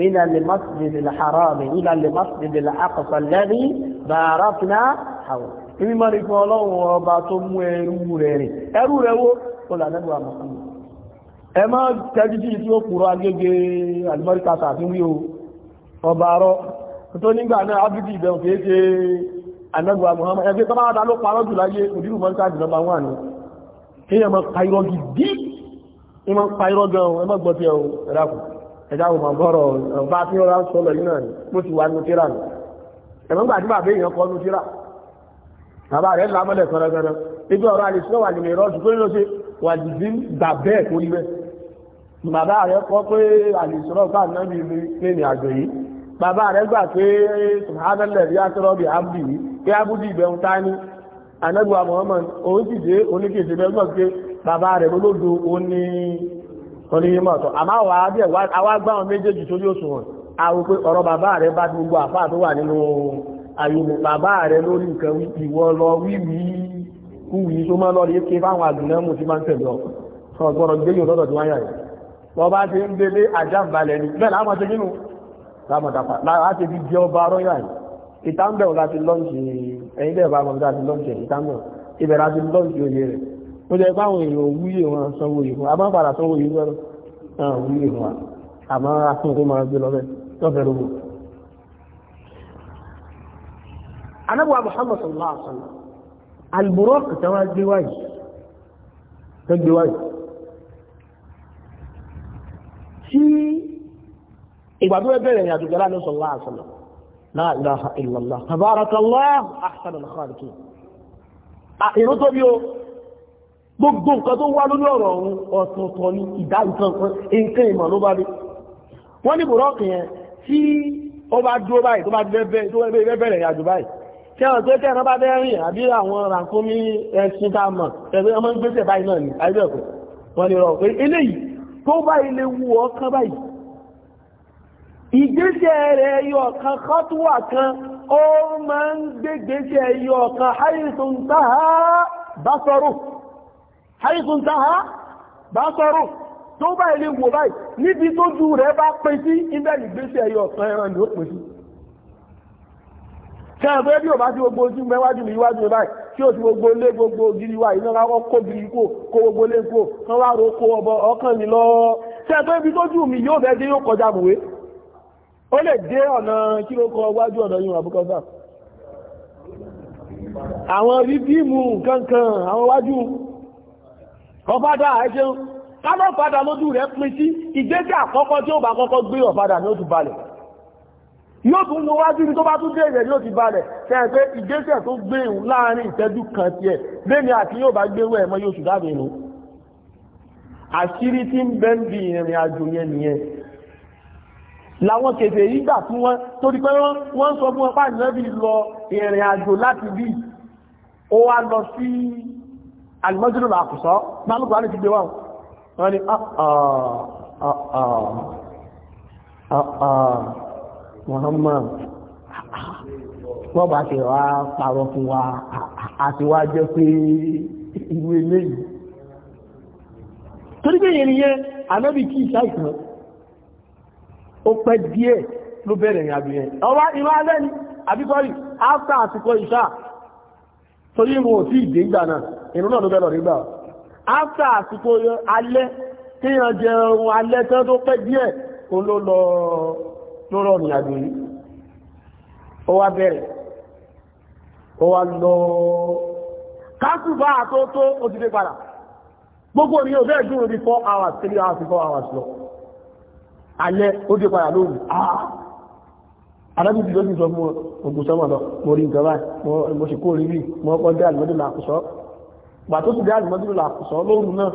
من المسجد الحرام إلى المسجد الأقصى الذي باركنا حوله ibi máa ní fún ọlọ́run ọba tó mú ẹrú rẹ̀ rìn ẹrú rẹ̀ wó ọlà nẹ́bù àmàkùnrin ẹ má tẹ́jú sí tí ó kúrò agége alimọ́ríkà sàfihàn o ọba rọ tó nígbà náà ábídì ìbẹ̀rún anagba muhammad ẹgbẹ́ tọ́lá wádá ló parọ́ jù láyé òdírù mọ́ sáàdì nọmba wà ní kíyàn mọ́ pairọ́ gidi ìmọ̀ pairọ́ gan ẹ mọ́ gbọ́tí ẹ̀hùn ẹ̀dàkù ẹ̀dàkù mọ̀ bọ́rọ̀ bá tí wọ́n sọ́lọ̀ yìí náà mo ti wà ní tíra nù ẹ̀mọ́gbà tí bàbá èèyàn kọ́ ní tíra bàbá rẹ̀ lámọ́lẹ̀ kọ́rọ́kọ́rọ́ ibi ọ̀rọ̀ àlè sílẹ̀ wà nínú ìrọ́jú tó nílò ṣe wà dìdí gbà bẹ́ẹ̀ kó rí bẹ́ẹ̀ bàbá rẹ̀ kọ́ pé àlè sílẹ̀ bá náà bí ní àjò yìí bàbá rẹ̀ gbà pé subhanallah bí a tọrọ bí a pé ábúdí ìbẹ̀rún ta ní anẹ́gbà Muhammad òun sì dé oníkèsè bẹ́gbọ́n pé bàbá rẹ̀ olódo oní oníyímọ̀tọ̀ àmá wà á bẹ̀ wá gbá wọn méjèèjì sórí òṣùwọ̀n àwọn pé ọ̀rọ̀ bàbá rẹ̀ bá ti gbogbo àfáà tó wà nínú àyùmù bàbá rẹ̀ lórí nǹkan ìwọ lọ wíwí kúwì tó máa lọ́rí ké fáwọn àgùnnámù tí máa ń tẹ̀lé ọ ọgbọ́rọ̀ gbé yóò lọ́dọ̀ tí wọ́n yà yìí wọ́n bá ti ń délé àjàǹbalẹ̀ ni bẹ́ẹ̀ láwọn ṣe nínú láwọn àti fi jẹ ọba arọ́yà yìí ìtàǹbẹ̀ ọ̀la ti lọ́ǹṣì ẹ̀yìn bẹ́ẹ̀ bá mọ̀lá ti lọ́ǹṣì ìtàǹbẹ̀ ìbẹ̀rẹ̀ àti lọ́ǹṣì òye rẹ̀ ó jẹ́ báwọn èèyàn wúyè wọn sanwó yìí fún abáǹpadà sanwó yìí fún ẹ̀ wúyè wọn àmọ́ afún tó máa gbé lọ́fẹ́ lọ́fẹ́ lóko. anábùwà Muhammad sallallahu alaihi wa sallam alburaq tí wọ́n gbé wáyé tó gbé wáyé tí ìgbà bẹ̀rẹ̀ ìrìn àjò ní sallallahu alaihi wa sallam لا إله la ilaha illallah tabarakallah ahsanul khaliqin ìrún ah, tó bí o gbogbo nǹkan tó wá lórí ọ̀rọ̀ ọ̀hún ọ̀tọ̀ọ̀tọ̀ ní ìdá nǹkan kan nǹkan ìmọ̀ ló bá dé wọ́n ní bùrọ́ọ̀kì yẹn tí ó bá dúró báyìí tó bá bẹ̀rẹ̀ ìrìnàjò báyìí tí àwọn tó tẹ́ ẹ̀rọ bá bẹ́ rìn àbí àwọn ràkúnmí ẹṣin tá a mọ̀ ẹgbẹ́ ọmọ ń gbèsè báyìí náà ní ayélujára wọ́n ní rọ̀ pé eléyìí tó báyìí lè wú ọkàn báyìí ìgbésẹ̀ rẹ̀ ẹyọ kan kọ́túwà kan ó máa ń gbégbésẹ̀ ẹyọ kan háìsùntáhá bá sọ́rọ̀ tó bá ilé wò báyìí níbi tó ju rẹ̀ bá pẹ́ sí ilẹ̀ ìgbésẹ̀ ẹyọ kan ẹran ni ó pẹ́ sí kẹ́ẹ̀fẹ́ bí ò bá sí gbogbo ojú mẹ́wájú mi iwájú mi báyìí tí ó ti gbogbo lé gbogbo ògiri wa iná láwọ́ kó giri kó kó gbogbo lé kó kán wá ro kó ọkàn mi lọ́wọ́ kẹ́ẹ̀fẹ́ bí tó jù mí yóò fẹ́ dé yóò kọjá mùwé ó lè dé ọ̀nà kí ló kọ wájú ọ̀nà yìí àbúkọ́sà àwọn rídìmù kankan àwọn wájú ọ̀fadà ẹ̀ṣẹ́ kálọ̀ padà lójú rẹ̀ pín sí ìgbésẹ̀ àkọ́kọ́ tí ó bá kọ́kọ́ gbé ọ̀fadà ní ó ti balẹ̀ yóò tún lọ wájú ní tó bá tún dé rẹ̀ ní ó ti balẹ̀ tẹ́ẹ̀ pé ìgbésẹ̀ tó gbé láàrin ìtẹ́jú kan tiẹ̀ lẹ́ni àti yóò bá gbé wẹ̀ ẹ̀mọ́ yóò sùdábìnrin àṣírí tí ń bẹ́ ń láwọn kèfè yìí gbà fún wọn torí pé wọ́n sọ fún ọpá ìlẹ́bí lọ ìrìn àjò láti bí ó wá lọ sí alìmọ́júrò àkùsọ́ gbálùkù alì ti gbé wọn wọ́n ni ah, ah, ah, Muhammad bá ṣe wá pàrọ̀ fún wa àti wá jẹ́ pé ìlú eléyìí torí pé yẹn ni yẹn alẹ́bí kí ìṣáìsàn ó pẹ́ díẹ̀ ló bẹ̀rẹ̀ ìrìn àjò yẹn ọwá ìrìn alẹ́ ni àbíkọ́rì after àsìkò ìṣà torí mo ò sí ìdè ìgbà náà ìrún náà ló bẹ̀rẹ̀ after àsìkò alẹ́ tí yàn jẹ ohun alẹ́ tán tó pẹ́ díẹ̀ ó ló lọ lórọ̀ ìrìn àjò yìí ó wá bẹ̀rẹ̀ ó wá lọ kásùbà àtótó ó padà gbogbo ìrìn òbẹ́ ìdúró ní 4 hours 3 hours 4 hours lọ alẹ́ ó dé padà lóòrùn arábìbì ah! lójú sọ fún ogun sọmọ lọ mo rí nǹkan báyìí mo sì kó orí rí mo kọ́ dé àlùmọ́dé làkùsọ́ gbà tó sì dé àlùmọ́dé làkùsọ́ lóòrùn náà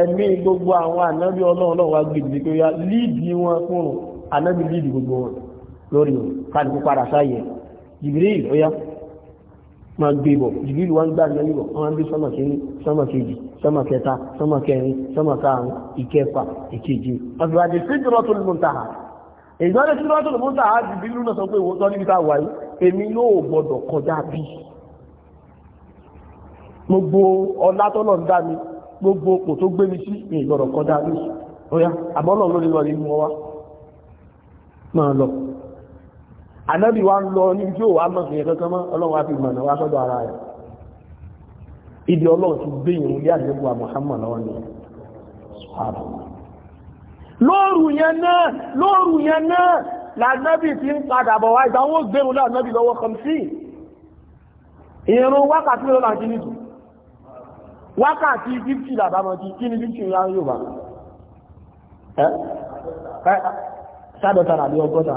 ẹ̀mí gbogbo àwọn ànábì ọlọ́run náà wá gbèdìdì pé ya líìdì wọn fún ànábì líìdì gbogbo wọn lórí káàdì pípadà sáyẹ jìbìrì ìlóyà máa gbé bọ̀ jìbìlù wọn gbà lẹ́nu bọ̀ wọn gbé sọ́mà kínní sọ́mà kejì sọ́mà kẹta sọ́mà kẹrin sọ́mà karùn ìkẹfà ìkeje. àfìwádìí Sidratul Muntaha ìgbọ́n lè Sidratul Muntaha jìbìlù náà sọ pé ìwọ tọ́ níbi tá yìí èmi yóò kọjá bí. gbogbo ọlá tọ́lọ̀ ń dá mi gbogbo òpò tó gbé mi sí mi ìgbọ́dọ̀ kọjá bí. ànábì wa ń lọ ní jó wà mọ̀sí ẹ̀kọ́ kan mọ́ ọlọ́run àti ìmọ̀nà wá sọ́dọ̀ ara rẹ̀ ibi ọlọ́run ti gbé ìrùn lé àdébùwà Muhammad lọ́wọ́ ni lóòrù yẹn náà lóòrù yẹn náà lànábì ti ń padà bọ̀ wá ìgbà wọn ó gbẹ̀rún lànábì lọ́wọ́ kan sí ìrùn wákàtí lọ́la ti nìtù wákàtí fífì làbámọ́ ti kí ni fífì ńlá yóò bá ẹ́ sádọ́ta àbí ọgọ́ta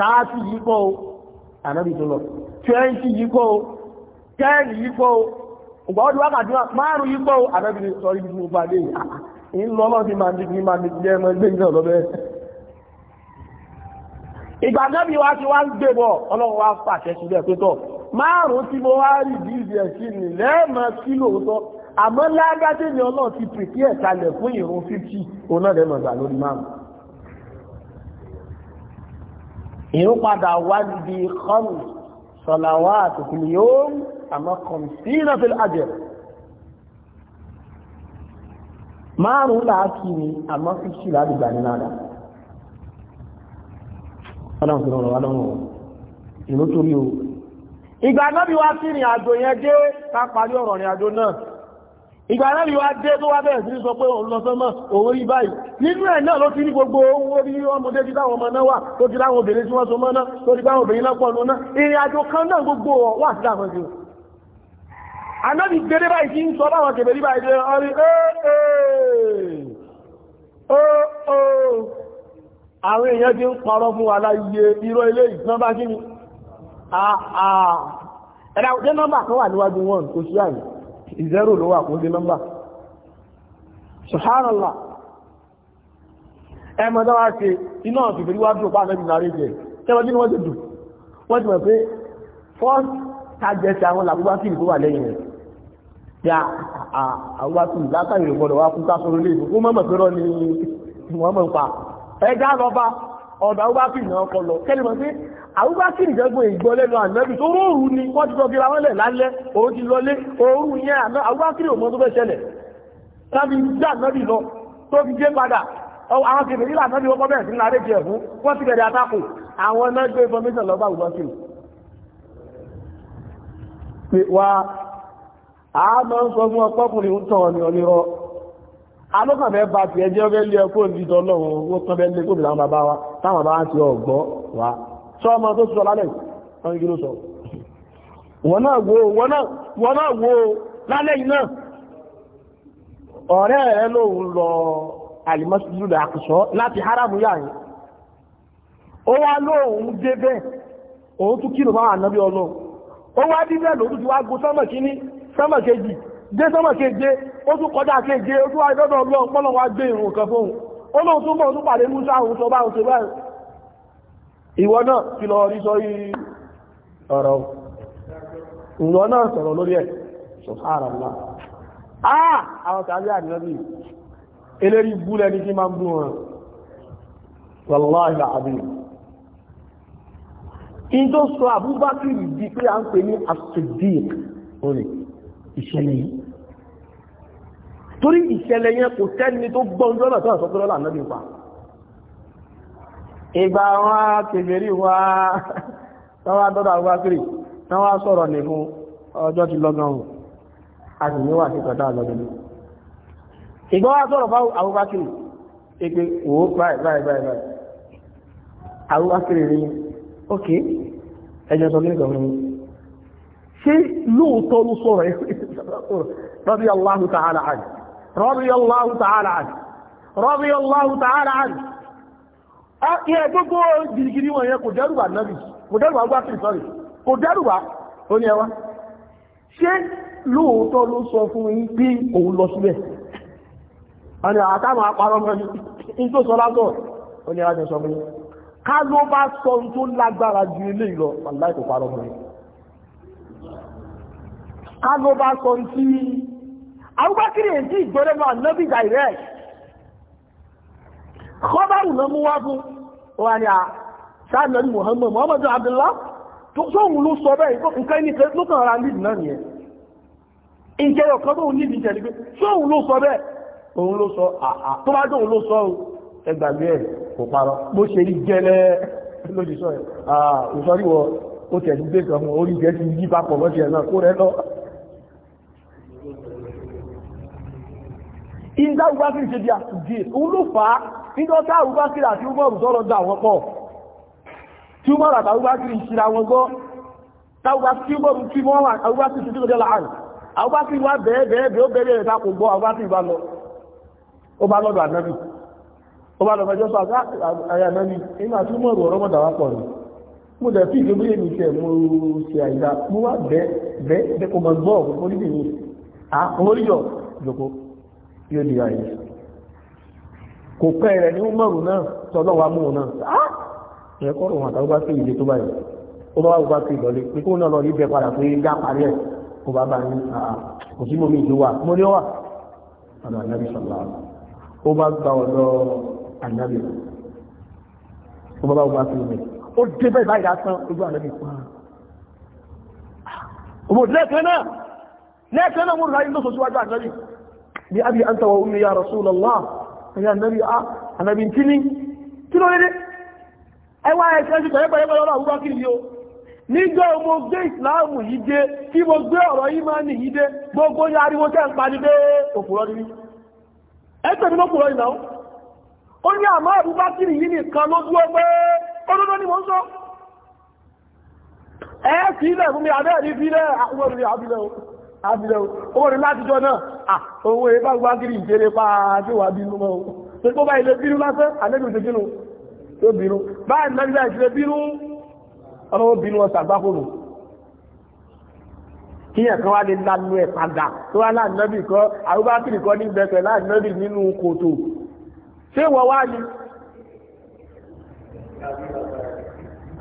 tààtì yìí kọ́ ànábì tó lọ twenty yìí kọ́ o yìí kọ́ o ìgbà márùn yìí kọ́ o ànábì sọ ibi tí mo máa ní máa ní kí ẹgbẹ́ ìgbà lọ bẹ́ẹ̀. wa ti wá ń gbé bọ̀ ọlọ́run wá pàṣẹ sílẹ̀ pé tọ̀ márùn tí mo wá rí bíbí ẹ̀ sí ni lẹ́ẹ̀mọ kí lóòótọ́ àmọ́ lágbájé ni ọlọ́run ti pèsè ẹ̀ kalẹ̀ fún ìrun fifty òun náà lẹ́mọ̀ gbà lórí márùn ìrún padà wá níbi kọ́mù sọ̀làwà àtòkùn yóò àmọ́ kọ̀m sí ìrọ̀fẹ́ àjẹ́ márùn-ún láàkì ni àmọ́ fífì láti gbà ní náà ọlọ́run fi rọrọ̀ wá lọ́rùn ọ̀ ìrún torí o ìgbà náà bí wá sí ọ̀rọ̀ ìgbà aláàrí wá dé tó wá bẹ̀rẹ̀ sí sọ pé òun lọ sọ́mọ́ òun rí báyìí nínú ẹ̀ náà ló ti ní gbogbo owó rí ọmọdé ti táwọn ọmọ náà wà tó ti láwọn obìnrin tí wọ́n so mọ́ náà tó ti báwọn obìnrin náà pọ̀ lọ náà ìrìn àjò kan náà gbogbo wà sí àwọn jù anábì gbére báyìí ti ń sọ báwọn kèbè rí báyìí ọrí àwọn èèyàn ti ń parọ́ fún wa láyé irọ́ ilé ìtàn bá kí ni ẹ̀dà òjẹ́ nọ́mbà kan wà níwájú wọn kò sí àyè zero ló wà kó dé nọ́mbà subhanallah ẹ mọ̀ dáwà ṣe iná ọ̀fìfẹ́ wá dùn pa àmẹ́bì náà rí jẹ tẹ́wọ́ kí ni wọ́n ti dùn wọ́n ti mọ̀ pé first target àwọn làbúgbà kìí tó wà lẹ́yìn rẹ̀ ya àwọn kìí látàrí ìrògbọ́dọ̀ wá fún káfọ́rọ́ lè fún mọ́mọ̀ ni wọ́n mọ̀ pa ẹja lọ ọ̀dọ̀ Abubakar náà kọ lọ kẹ́lì mọ̀ sí Abubakar ìjẹ́gbọ̀n ìgbọ́ lẹ́nu ànábì tó róòrù ni wọ́n ti sọ́kí wọn lẹ̀ lálẹ́ òun ti lọlé òórùn yẹn àná Abubakar ò mọ tó fẹ́ ṣẹlẹ̀ tábí dá ànábì lọ tó fi dé padà àwọn kìnnì nílà ànábì wọ́n bẹ̀rẹ̀ sí láre jẹ̀ fún wọ́n ti bẹ̀rẹ̀ atákò àwọn náà gbé information lọ bá Abubakar wa a máa ń sọ fún ọkọkùnrin ń tàn ọ ní ọ alókànfẹ́ bá ti ẹjẹ́ ọgbẹ́ lé ọkọ́ ìdíjọ ọlọ́run owó kànfẹ́ lé gómìnà bàbá wa táwọn bàbá ti ọgbọ́ wa sọ́ọ̀mọ tó sọ lálẹ́ wọ́n kí ló sọ wọ́n náà wo wọ́n náà wo lálẹ́ iná ọ̀rẹ́ rẹ̀ lóun lọ àlìmọ́sílù àkùsọ́ láti háràmù yáyìn ó wá lóun débẹ̀ òun tún kí ló máa nàbí ọlọ́run ó dé sọ́mọ̀ kéje ó tún kọjá kéje ó tún àìdọ́dọ̀ ọlọ́run pọ́lọ̀ wá gbé ìrùn kan fóun ó lóun tún bọ̀ tún pàdé musa òun tó bá òun tó báyìí ìwọ náà kí lọ rí sọ yí ọ̀rọ̀ ìwọ náà sọ̀rọ̀ lórí ẹ̀ subhanallah ah àwọn tàbí àdínábì eléri búlẹ̀ ní kí máa ń bú wọn wallahi àbí in sọ Abubakar di pé a ń pè ní as-Siddiq orí yìí torí ìṣẹ̀lẹ̀ yẹn kò sẹ́ni tó gbọ́n lọ́nà tó àṣọ pẹ́lọ́lá náàbí pa ìgbà wọn kèfèrí wa tọ́wọ́ dọ́dọ̀ àwọn akiri tọ́wọ́ sọ̀rọ̀ nìkún ọjọ́ ti lọ́gán o a sì ní wà sí kọ̀dá lọ́dọ̀ ní ìgbà wa sọ̀rọ̀ fáwọn àwọn akiri pé òwò báyìí báyìí báyìí àwọn akiri ṣé lóòótọ́ ló sọ̀rọ̀ ẹ̀ lọ́dí Allahu ta'ala àjẹ́ رضي الله تعالى عنه رضي الله تعالى عنه ẹ gbogbo gìrìgìrì wọn yẹn kò dẹ́rùbà náàbì kò dẹ́rùbà gbáfì sọ́rì kò dẹ́rùbà ní ẹwà ṣé lóòótọ́ ló sọ fún yín pé òun lọ sílẹ̀ ọ̀nà àtàmà àparọ́ mọ́ ní tó sọ ní ẹwà sọ sọ tó lágbára ju sọ Abubakiri èyí tí ìgbẹ́lẹ́nu ànábì direct kọ́bárù ló mú wá fún wa ni a sáàlẹ̀ Muhammad Muhammad Abdullah tó sóhun ló sọ bẹ́ẹ̀ nǹkan ẹni tẹ́ ló kàn ra lead náà nìyẹn ìjẹ́ ọ̀kan tó ní ìdíjẹ́ ni pé sóhun ló sọ bẹ́ẹ̀ òun ló sọ àà tó bá dóhun ló sọ o ẹgbàgbé ẹ̀ kò parọ́ bó ṣe rí gẹ́lẹ́ lójúṣọ́ ẹ̀ àà ìsọríwọ̀ ó tẹ̀lú gbé kan orí jẹ́ ti yí papọ̀ mọ́ṣẹ́ náà kó rẹ lọ ìdá Abubakar ṣe di àtúndì òun ló fà á nígbà tá Abubakar àti Umaru sọ̀rọ̀ dá àwọn pọ̀ tí Umaru àti Abubakar ìṣira wọn gbọ́ táwọn tí Umaru tí wọ́n wà Abubakar yóò di àyè kò pẹ́ rẹ̀ ní umaru náà tọ́lọ́ wa mú un náà ah! ẹ̀ kọ́ òun àtàwọn bá fi ìdè tó báyìí ó bá wà fi ìdọ̀lẹ́ pé kó náà lọ rí bẹ padà pé dá parí ẹ̀ kó bá bá ní kò sí momi ìlú wa mo ní wà ọ̀nà ànábì sọ̀lá ó bá gba ọ̀dọ̀ ànábì ó bá wà fi ìdè ó dé bẹ́ẹ̀ báyìí lásán ojú ànábì pa ah! òmòdì lẹ́ẹ̀kan náà lẹ́ẹ̀kan náà mo rà bí abi anta wa ummi ya Rasulullah ya nabi a ah, anabi kini kilo lede ẹ wá ẹ ṣe ṣe pẹ̀lú ọlọ́run àbúgbà kiri yóò níjọ́ mo gbé ìsìláàmù yìí dé tí mo gbé ọ̀rọ̀ yìí máa nì yìí dé gbogbo ní ariwo tẹ́ ń pa ní dé òpùrọ̀ ní ẹ́tẹ̀ ní lópùrọ̀ ìnáwó ó ní àmọ́ àbúbákìrì yìí nìkan ló dúró pé olódó ni mo ń sọ ẹ́ sílẹ̀ fún mi àbẹ́ẹ̀ ní fílẹ̀ àwọn olùrẹ̀ àbílẹ̀ àbílẹ̀ owó rẹ̀ láti jọ náà owó ẹbá gbágiri ìjẹrẹ pa àjọwà bínú mọ́ ohun tó kó bá ilé bínú lásán àlejò tó bínú tó bínú báyìí nàìjíríà ìṣẹ́ bínú ọmọ bínú ọ̀sà gbákòrò kíyàn kan wá lè lanu ẹ̀ padà tó wá láàánú kọ́ àrúbákìrì kọ́ ní bẹ̀rẹ̀ láàánú nínú kòtò ṣé wọ́n wá ní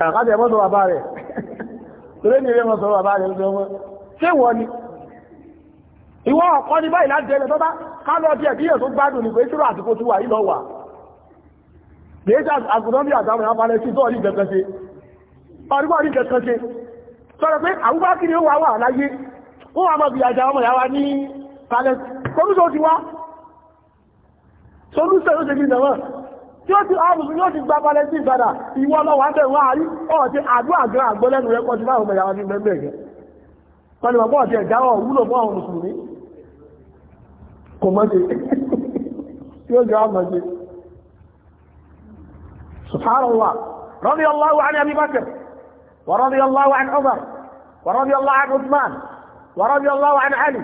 àkájẹ̀ mọ́sọ̀ bàbá rẹ̀ torí ní ilé mọ́sọ̀ bàbá rẹ̀ ń sọ wọn ṣé wọ́n ìwọ ọ̀kọ́ ní báyìí láti ẹgbẹ̀ tọ́bá kálọ̀ díẹ̀ bí èso gbádùn ní pé ṣúrò àtìkò tí wà yìí lọ́wà lẹ́jàs agbódọ́bí àtàwọn afalẹ̀ sí tọ́ọ̀lì kẹkẹsẹ ọdúnbọ̀rí kẹkẹsẹ sọ́rọ̀ pé àwúbákiri ó wà wà láyé ó wà mọ́ bí àjà ọmọ ìyáwá ní palẹ̀ solúṣọ́ ti wá solúṣọ́ ló ṣe bí ìdàmọ́ tí ó ti ọ́bùsùn yóò ti gba palẹ̀ sí ìbàdà ìwọ ọlọ́wà tẹ̀wọ́ àárí ọ̀tí àdúrà gan àgbọ́lẹ́nu rẹ́kọ́ọ̀tì láwọn ọmọ ìyáwá ní mẹ́mẹ́gẹ́ pẹ̀lú ọgbọ́ọ̀tì ẹ̀dáwọ̀ wúlò fún àwọn mùsùlùmí kò mọ́ ṣe yóò jọ àmọ́ ṣe subhanallah radiyallahu an abi bakr wa radiyallahu an umar wa radiyallahu an uthman wa radiyallahu an ali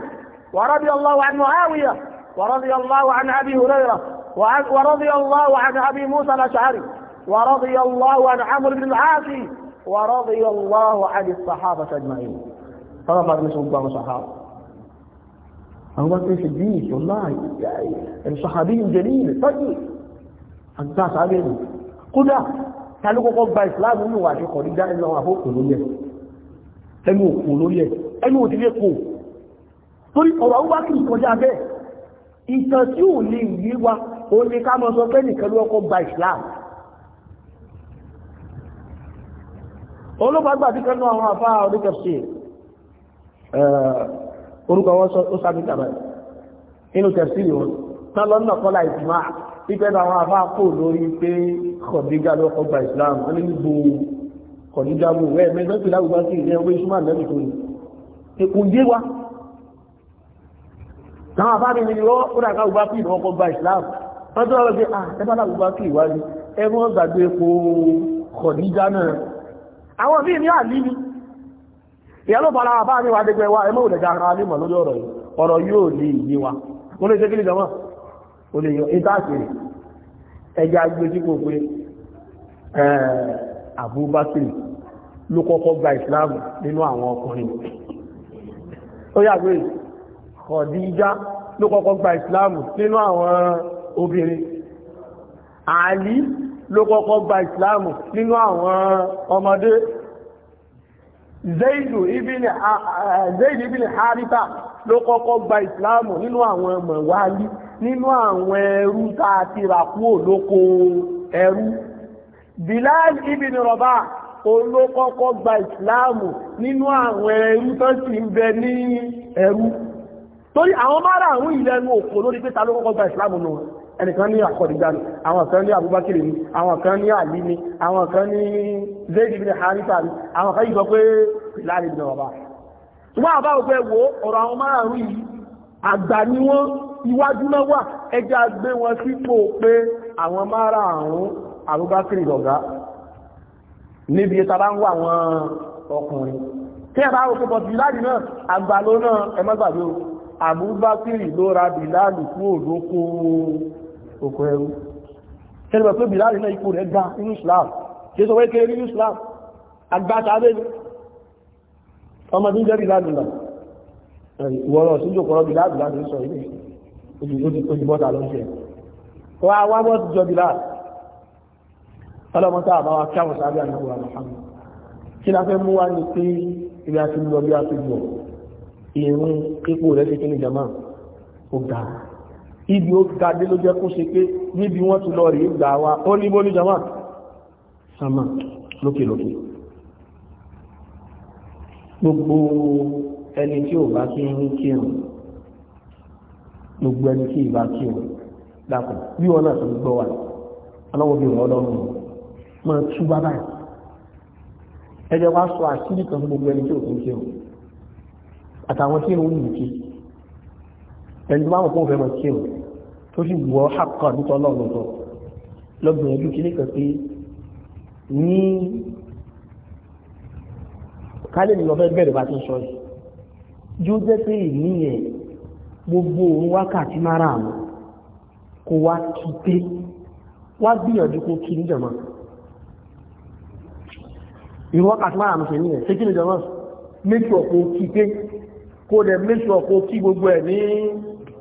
wa radiyallahu an muawiya wa radiyallahu an abi hurairah wa radiyallahu an abi musa al-ash'ari ورضي الله عن عمرو بن العاص ورضي الله عن الصحابة أجمعين فما فرمسوا الله صحابة أبو بكر الصديق والله يعني صحابي جليل طيب حتى صحابي قدع قالوا قوم بإسلام وني واجي قولي دا إلا وافو قولوية ẹnu òkú lórí ẹ̀ ẹnu òdílé kò torí ọ̀rọ̀ àwọn wákìlì kọjá bẹ́ẹ̀ ìtàn tí ò lè yí wa ó ní ká mọ́ sọ pé nìkan ló ọkọ̀ gba Islam olóògbàgbà tí kan náà àwọn àfáà oníkẹ̀ẹ́sì orúkọ wọn ó sábẹ́ tàbá inú tẹ̀sílì wọn náà lọ́nà kọ́lá ìjùmọ̀ pípẹ́ náà àwọn afá kò lórí pé kọ̀dígá ló kọ́ Islam wọn ní gbogbo kọ̀dígá mú wẹ́ẹ̀ mẹ́tọ́ sí láwùjọ sí ilé ẹgbẹ́ ìṣúná lẹ́nu tó ní kò yé wa náà afá mi ni wọ́n ó dàgbà gbogbo afí ìwọ́n kọ́ Islam wọ́n tó lọ́wọ́ pé ah ẹ bá láwùjọ afí ìwádìí ẹ mọ́ gbàgbé epo kọ̀dígá náà àwọn míì ní àlí ni ìyá ló fara àbá ní wàdígbẹ́ wa ẹmọ́ òdẹ̀dà ara ní mọ̀ lórí ọ̀rọ̀ yìí ọ̀rọ̀ yóò lè yé wa ó lè ṣe kí ní jọmọ́ lè yọ ìtàkìrì ẹja gbé pé Abubakar ló kọ́kọ́ gba Islam nínú àwọn ọkùnrin ó Khadija ló kọ́kọ́ gba Islam nínú àwọn obìnrin Ali ló kọ́kọ́ gba Islam nínú àwọn ọmọdé zaidu ibini eh, zaidu ibini harita ló kọ́kọ́ gba ìsìláàmù nínú àwọn mọ̀wálí nínú àwọn ẹrú tá a ti rà kúrò lóko ẹrú bilal ibini rọba olókọ́kọ́ gba ìsìláàmù nínú àwọn ẹrú tó sì ń bẹ ní ẹrú torí àwọn márààrún ìlẹ́nu òkò lórí pé ta ló kọ́kọ́ gba ìsìláàmù náà ẹnìkan ní àkọ̀dìgbà ni àwọn kan ní Abubakar ni àwọn kan ní Ali ni àwọn kan ní Zaid ibn Haritha ni àwọn kan yìí sọ pé Bilal ibn Rabah ṣùgbọ́n àbá òfẹ́ wo ọ̀rọ̀ àwọn márùn-ún yìí àgbà ni wọ́n iwájú náà wà ẹjá gbé wọn sípò pé àwọn márùn-ún Abubakar lọ̀gá níbi ìtàbá ń wà wọn ọkùnrin tí ẹ̀bá òkú bọ̀ bìláàdì náà àgbà ló náà ẹmọ́gbàgbé àbúbákìrì ló ra bìláàdì kú òdókòó oko ẹrú tẹ́lẹ̀ pé Bilal náà ipò rẹ̀ ga inú Islam jésù wẹ́ kéré nínú Islam agbáta abẹ́ni ọmọ tí ń jẹ́ Bilal nìlá ìwọ̀rọ̀ sí jòkọ̀rọ̀ Bilal nìlá ní sọ ilé ojúbọ́ta ló ń ṣe wá wá bọ́ ti jọ Bilal ọlọ́mọta àbáwá kí àwọn sábẹ́ àyẹ̀wò àmàhàmù kí la fẹ́ mú wá ní pé ibi a ti lọ bí a ti bọ̀ ìrún kíkó rẹ̀ ti kí ni jama ó ga ibi ó gàdé ló jẹ́ kó ṣe pé níbi wọ́n ti lọ rí gbà wá ó ní bó ní jama sama lókèlókè gbogbo ẹni tí ò bá kí ń kírun gbogbo ẹni tí ìbá kírun dàpọ̀ bí wọn náà tó gbọ́ wà ọlọ́wọ́ bí wọn lọ́rùn máa tú bábà ẹjẹ wá sọ àṣírí kan gbogbo ẹni tí ò kí ń kírun àtàwọn tí ìrun yìí kí ẹni máa ń kó fẹ́ mọ̀ sí ẹ̀wọ̀ tó sì wọ́ àkọ́ àdútọ́ lọ́lọ́tọ́ lọ́gbọ̀n ojú kí nìkan pé ní kálẹ̀ nìlọ fẹ́ bẹ̀rẹ̀ bá ti sọ yìí yóò jẹ́ pé ìní yẹn gbogbo òun wákàtí mara àmọ́ kó wá kí pé wá gbìyànjú kó kí níjọba ìrún wákàtí mara àmọ́ sí ní ẹ̀ ṣé kí níjọba méjì ọ̀pọ̀ kí pé kó dẹ̀ méjì ọ̀pọ̀ kí gbogbo ẹ̀ ní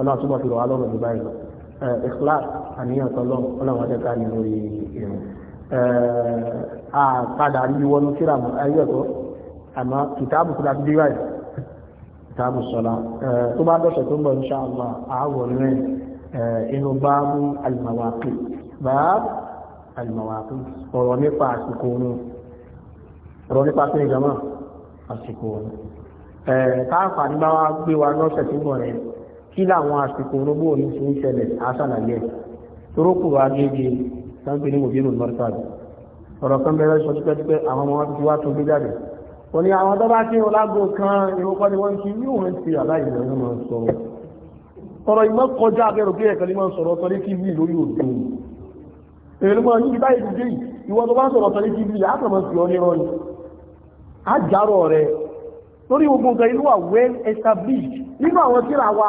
ọlọ́run túbọ̀ fi rọ̀ wá lọ́rùn ní báyìí lọ ikhlas àníyàn tọ́lọ́ ọlọ́run adẹ́ka ní lórí irun àpadà rí wọnú síra mọ́ ayé ẹ̀kọ́ àmọ́ kìtáàbù kúta ti dé báyìí kìtáàbù sọ̀la tó bá dọ̀sẹ̀ tó ń bọ̀ insha Allah àáwọ̀ rẹ̀ inú báàbù al-mawaqit báàbù al ọ̀rọ̀ nípa àsìkò oorun ọ̀rọ̀ nípa sí ìjọmọ́ àsìkò oorun káàfà bá wá gbé wa lọ́sẹ̀ tó ń bọ̀ rẹ̀ kí làwọn àsìkò orógbó ní ṣe ń ṣẹlẹ̀ àṣàlàyé torókù wa gẹ́gẹ́ sáńpé ní mòbí ìrùn mọ́tàd ọ̀rọ̀ kan bẹ̀rẹ̀ sọ tipẹ́tipẹ́ àwọn ọmọ wọn ti wá tó gbé jáde wọn ni àwọn tó bá kí wọn lágbo kan ìrọ́pọ́ ni wọ́n ń kí yóò hàn sí aláìlẹ̀ wọn máa ń sọ̀rọ̀ ọ̀rọ̀ ìmọ̀ kọjá abẹ́rò pé ẹ̀kan ní máa ń sọ̀rọ̀ ọ̀tọ̀ ní tv lórí òdo èrè mọ́ ní ìbá ìdíje ìwọ tó bá sọ̀rọ̀ ọ̀tọ̀ tv àtọ̀mọ̀ sí ọ ní rọ́ọ̀nì àjárọ̀ rẹ̀ lórí gbogbo nǹkan inú wa well established nínú àwọn tíra wa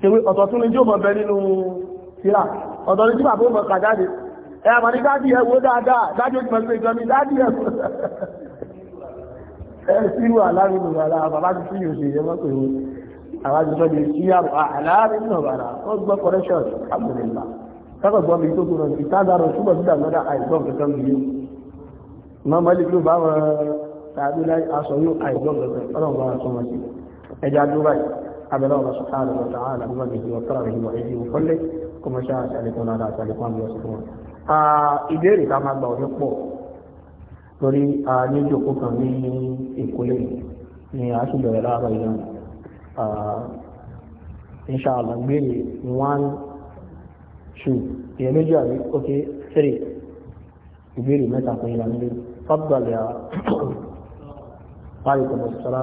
tewé ọ̀tọ̀ tún ní jí ó mọ̀ bẹ nínú síra ọ̀tọ̀ ní jí bàbá ó mọ̀ kà jáde ẹ àmà ní dádì ẹ wo dáadáa dádì ó ti mọ̀ sí ìjọ mi dádì ẹ ẹ sírù aláàrin nù bàrà bàbá ti síyò sí ìyẹn mọ́pẹ̀ wo àwọn àjọṣọ lè sí àrò aláàrin nù bàrà ó gbọ́ correction alhamdulillah sábà gbọ́ mi tó tó rọrùn ìtàdàrọ̀ túbọ̀ sí dàgbọ́dà àìgbọ́n kankan mi yóò máa máa lè ló bá wọn tàbí láì aṣọ yóò àìgbọ́n kankan ọlọ́run bá wọn sọ wọn sí ẹja dúró báyìí abẹ́lẹ́ ọ̀rọ̀ sọ̀tàrà lọ́tà àlà bí wọ́n gbèjì ọ̀tọ́rà rẹ̀ wọ̀ ẹ̀jì òfọ́lẹ̀ kó mọ̀ ṣáà ṣàlékún náà dáa ṣàlékún àbí ọ̀sùn wọn. ìbéèrè ká máa gbà ọ̀rẹ́ pọ̀ lórí ní kan ní èkó lè ní aṣèbẹ̀rẹ̀ láàárọ̀ ìlú inṣàlá gbére one two ìyẹn méjì àbí ok three ìbéèrè mẹ́ta fún ìlànà lórí fábùgbàlẹ̀ àpárí kọ̀mọ̀sára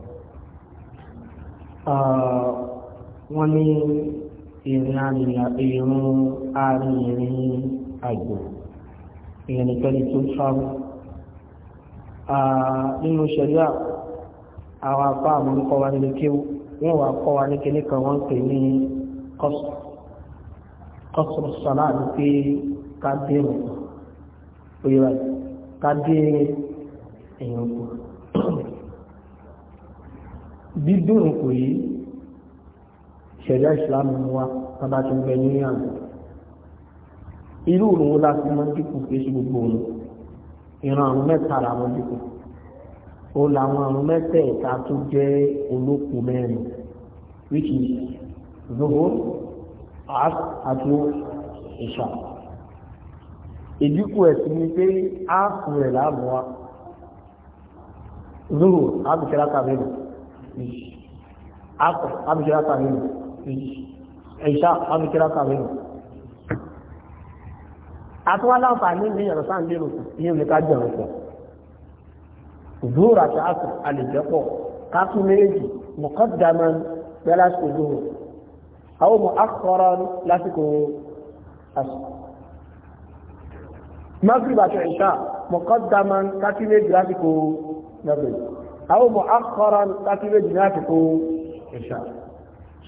wọ́n ní ìrìn àrìnrìn àrìnrìn àjò ìrìnìkẹ́ni tó sáwọ́ nínú ṣẹ̀ríà àwọn apá àmọ́ ń kọ́ wa nílé kí wọ́n wà kọ́ wa ní kíní kan wọ́n pè ní kọ́sùrù sọ́lá àti pé ká dé rẹ̀ ká dé èèyàn kù dídùn kò yìí ṣẹ̀dá ìsìlámù wa bàbá tó ń bẹ ní àná irú òun wo láti mọ́ dínkù kí ṣe gbogbo òun ìran àrùn mẹ́ta ara wọn dínkù ó làwọn àrùn mẹ́tẹ̀ẹ̀ta tó jẹ́ olóko mẹ́rin which is zobo as àti ìṣà ìdínkù ẹ̀ sí ni pé áàpù rẹ̀ láàmú wa zobo áàpù kẹ́lákà mẹ́rin biyu asr an kira ka biyu biyu aisha an kira ka biyu àtúwá láǹfààní ní ìyàrá sáà ń lérò kù ìyẹn ní ká jẹun pọ̀ zuhur àti asr àlejẹpọ̀ méjì muqaddaman bẹ́ẹ̀ lásìkò àwọn ọmọ akọ́ra láti méjì ní àtìkò ìṣà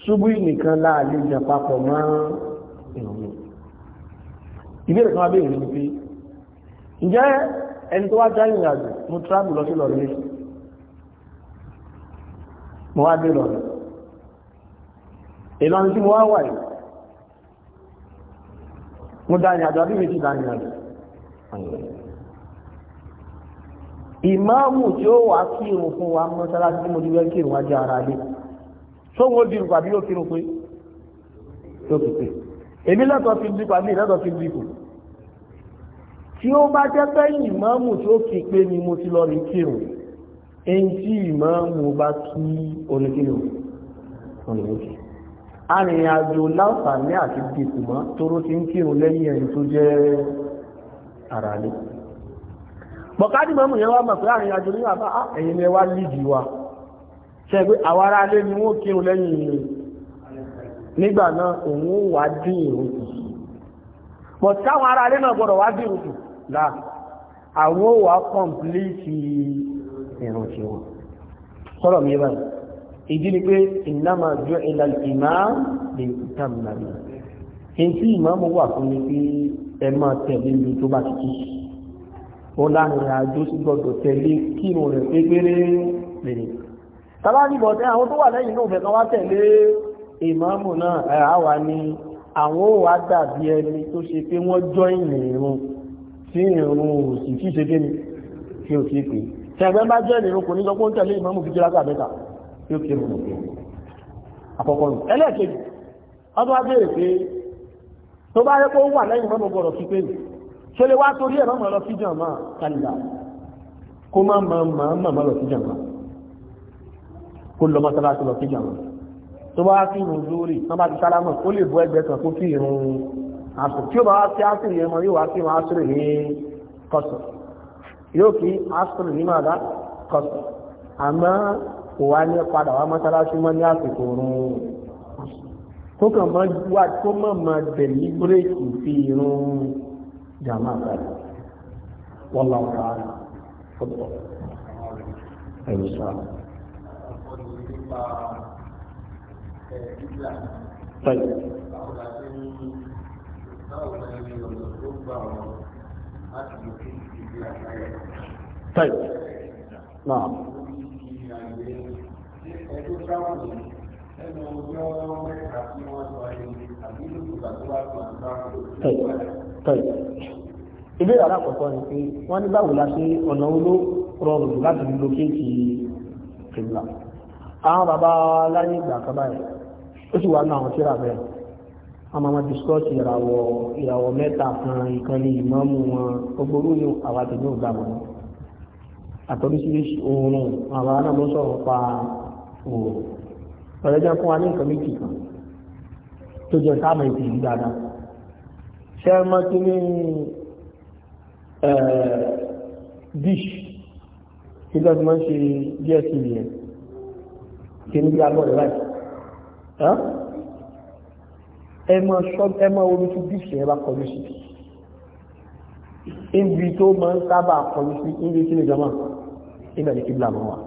ṣubú nìkan láàlè jẹ papọ̀ mọ́ ìrùnú ìbéèrè kan abẹ́ ìrìn pé ǹjẹ́ ẹni tó wá já ìrìn àjò mo tíráàbù lọ sí lọ́rọ̀ yìí mo wá dé lọ́rọ̀ ìlànà tí mo wá wà yìí mo dá àjò àbí mi ti dá àjò ìmáàmù tí ó wà kírun fún wa mọ́sálásí tí mo ti wẹ́ kírun wá jẹ́ ara lé sóhun ó dirun pàbí yóò kírun pé tó fi pé èmi lẹ́tọ̀ọ́ fi bí pàbí lẹ́tọ̀ọ́ fi bí kù tí ó bá jẹ́ pé ìmáàmù tí ó kí pé ni mo ti lọ rí kírun èyí tí ìmáàmù bá kí oníkírun ọ̀nàmọ́kì arìnrìnàjò láǹfààní àti dìkùmọ́ tóró ti ń kírun lẹ́yìn ẹni tó jẹ́ ara lé bọ̀kádì mọ́mù yẹn wá mọ̀ pé àrìn àjò níwà bá ah, ẹ̀yìn lẹ́wà lìdì wa ṣe pé àwọn ará alé ni wọ́n kírun lẹ́yìn ìrìn nígbà náà òun ó wá dín ìrùn kù but káwọn ará alé náà gbọ́dọ̀ wá dín ìrùn kù là àwọn ó wá kọ̀m̀plíìtì ìrùn kù wọn sọ̀rọ̀ mi báyìí ìdí ni pé ìnáma ju ìlà ìmá lè tà mí nàbí èyí tí ìmáàmù wà fún mi pé ẹ máa tẹ̀lé mi tó bá ti kú ó lánàá àjò sí gbọdọ̀ tẹ̀lé kírun rẹ̀ pépéré lèrè tàbá níbọ̀ tẹ́ àwọn tó wà lẹ́yìn náà fẹ̀kan wá tẹ̀lé ìmáàmù náà ẹ̀ á wà ní àwọn ò wá dàbí ẹni tó ṣe pé wọ́n jọ ìrìn ìrun tí ìrun ò sì kí ṣe kéni kí ó kí pé tẹ̀gbẹ́ bá jẹ́ ìrìn kò ní sọ pé ó ń tẹ̀lé ìmáàmù fi jẹ́ ṣe lè wá torí ẹ̀rọ mọ̀ lọ sí jàmá kàlìlà kó má mọ̀ mọ̀ mọ̀ lọ sí jàmá kó lọ mọ́sálásí lọ sí jàmá tó bá sí irun lórí tán bá ti sálámọ̀ ó lè bọ́ ẹgbẹ́ kan kó sí irun àṣọ tí ó bá wá sí àṣírí ẹmọ yóò wá sí irun àṣírí ní kọsọ̀ yóò kí àṣírí ní màdá kọsọ̀ àmọ́ kò wá ní padà wá mọ́sálásí mọ́ ní àsìkò oorun tó kàn mọ́ wá tó mọ̀ mọ́ dẹ̀lí bírèkì sí irun جامعة ذلك والله تعالى تفضل أي مساء طيب طيب نعم طيب طيب ìbéèrè alákọ̀ọ́kọ́ ni pé wọ́n ní báwo la ṣe ọ̀nà oló rọrùn láti lo kéèkì kìlà àwọn bàbá láyé ìgbà kan báyìí ó sì wà ní àwọn tíra bẹ́ẹ̀ àmọ́ wọn discuss ìràwọ̀ ìràwọ̀ mẹ́ta kan ìkànnì ìmọ̀ọ́mù wọn ogorú ni àwọn àtẹ̀jọ́ ò gbàgbọ́ àtọ́bísíríṣi oorun àwọn náà ló sọ̀rọ̀ pa oòrùn ọ̀rẹ́jọ́ fún wa ní nǹkan méjì kan tó jẹ́ sáàmù ìpìlú dáadáa ṣé ẹ mọ́ kí Eh, dish nígbà tí wọ́n ṣe dstv yẹn kí ní bí agbọ́dọ̀ láì ẹmọ ṣọ́bù ẹmọ omi tí dish yẹn bá kọjú sí ibi tó máa ń sábà kọjú sí ibi tí lè jọmọ́ ibẹ̀ ní kíbla mọ́ wa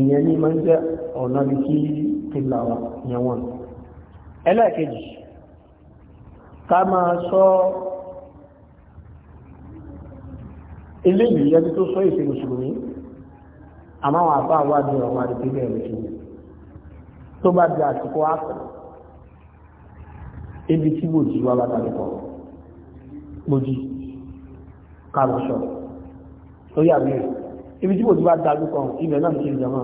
ìyẹn ní máa ń jẹ́ ọ̀nà bí kí kíbla wa yẹn wọ́n ẹlẹ́ẹ̀kejì ká máa sọ eléyìí ẹni tó sọ ìṣe mùsùlùmí àmọ́ àwọn àbá àwádìí ọ̀rọ̀ wa dìbò bẹ́ẹ̀ lè ṣubú tó bá di àsìkò àpò ibi tí bòjì wà látàrí pọ̀ bòjì kàlùsọ tó yà mí ibi tí bòjì bá dájú kan ibẹ̀ náà ti jẹmọ́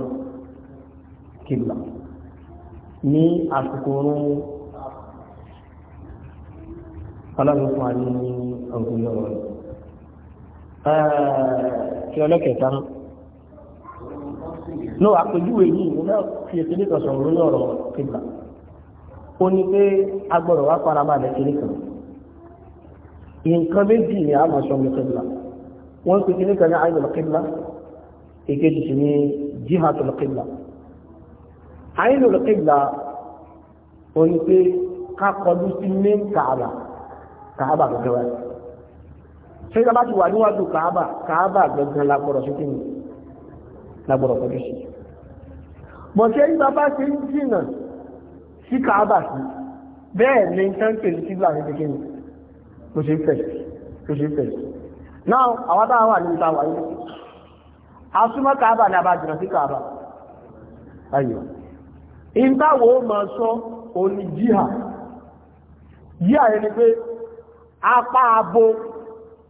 kìlà ní àsìkò oorun alágbèfọ́ àní ọ̀gbìn lọ́wọ́ rẹ̀. Eh, kí ọlọ́kẹ̀ta ń lọ àpèjúwe yìí ní náà fi ètò ìdíkan sọ̀rọ̀ lórí ọ̀rọ̀ kìlà ó ní pé a gbọ́dọ̀ wá farabalẹ̀ kiri kan nǹkan méjì ni a máa sọ ní kìlà wọ́n pe kiri kan ní àyìnbó kìlà èkejì sì ní jihatu kìlà àyìnbó kìlà ó ní pé ká ṣe ìjọba ti wà níwájú kàábà kàábà gbọ̀ngàn lágbọ̀rọ̀ sí kí ni lágbọ̀rọ̀ pẹ̀lú sí bọ̀ ṣe ìgbà bá ṣe ń jìnà sí kàábà sí bẹ́ẹ̀ ni tẹ́ǹpì ní sígbà ní kí ni kò ṣe fẹ̀ kò ṣe fẹ̀ náà àwọn táwọn wà níbi táwọn ayé asúmọ́ kàábà ni a bá jìnà sí kàábà ayò ìtawọ̀ ó máa sọ òní jíhà jíhà yẹn ni pé apá abo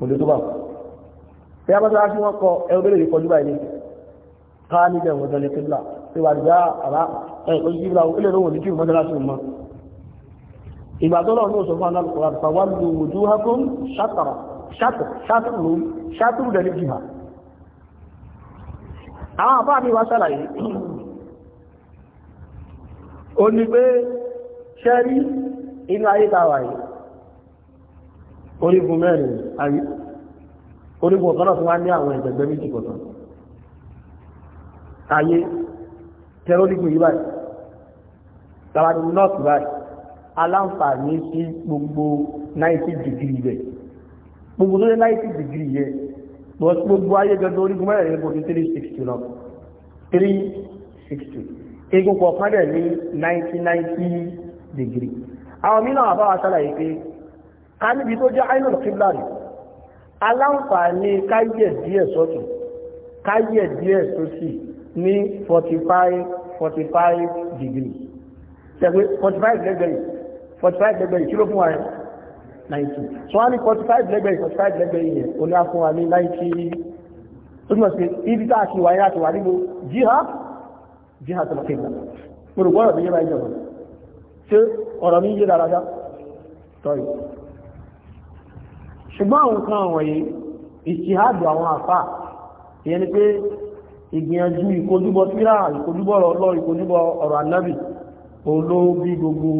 kò lè tó bá ẹ yá mọ́sálásí wọn kọ ẹrú bẹ́ẹ̀ lè kọjú báyìí ní ká níbẹ̀ wọn dọ̀lẹ́ kébìlà ṣé wàá dìgbà àbá ẹ ojú ìlà ó lè lọ́wọ́ ní kí mọ́sálásí wọn mọ́ ìgbà tó lọ́wọ́ ní oṣù fún aláàbò kọ́ra fà wá lu ojú hakun ṣàtàrà ṣàtùrù ṣàtùrù dẹ̀lẹ́ jìhà àwọn àbá mi wá ṣàlàyé ó ní pé ṣẹ́rí inú ayé ta wà orígun mẹ́rin ayé orígun ọ̀kan náà tún wá ní àwọn ẹ̀gbẹ̀gbẹ̀ méjì kọ̀tàn ayé tẹ́rọ́lígùn yìí báyìí tàbí nọ́ọ̀tì báyìí aláǹfààní sí gbogbo 90 dìgírì rẹ̀ gbogbo tó lé 90 dìgírì yẹ gbogbo ayé gẹ́gẹ́ orígun mẹ́rin ní bòtí 360 lọ 360 egun kọ̀ọ̀kan dẹ̀ ní 90 90 dìgírì àwọn mìíràn àbáwá sálàyé pé ká níbi tó jẹ́ ainul qibla rẹ̀ aláǹfààní káyẹ̀ díẹ̀ sọ́tún káyẹ̀ díẹ̀ sósì ní 45 45 degree ṣẹ̀gbẹ́ 45 lẹ́gbẹ̀ẹ́ 45 lẹ́gbẹ̀ẹ́ kí ló fún wa rẹ̀ 90 so wọ́n ní 45 lẹ́gbẹ̀ẹ́ 45 lẹ́gbẹ̀ẹ́ yẹn ó ní a fún wa ní 90 ó túnmọ̀ sí ibi tá a ti wáyé àti wà níbo jíhá jíhá tó lọ kébà mo rò gbọ́dọ̀ tó yé báyìí jọ̀rọ̀ ṣé ọ̀rọ̀ mi yé dáadáa tọ́yì ṣùgbọ́n àwọn nǹkan wọ̀nyí ìṣìhádù àwọn àfà ìyẹn ni pé ìgbìyànjú ìkojúbọ tírà ìkojúbọ ọlọ́ ìkojúbọ ọ̀rọ̀ ànábì olóbi gbogbo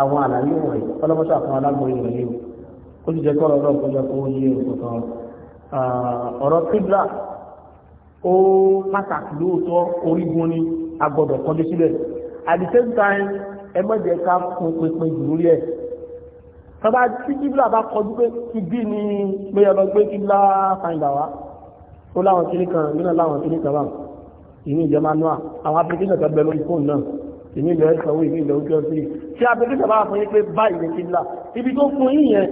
àwọn àlàyé wọ̀nyí ọlọ́mọṣà fún alágbóyè wọ̀nyí ó sì jẹ́ kọ́rọ̀ ọlọ́run kọjá kó yé òkùnkàn ọ̀rọ̀ kíbla ó pàtàkì lóòótọ́ orígun ni a gbọ́dọ̀ kọjú sílẹ̀ at the same time ẹ má jẹ́ ká kún pínpín jù lórí ẹ̀ tọba tí kíbla bá kọjú pé ibi ni gbéyà lọ gbé kíbla fàìndà wá ó láwọn kiri kan nínú láwọn kiri kan báwọn ìní ìjọ manual àwọn application kan bẹ lórí fóònù náà ìní ìjọ ìsanwó ìní ìjọ ojú ọsí tí application bá fún yín pé báyìí ni kíbla ibi tó fún yín yẹn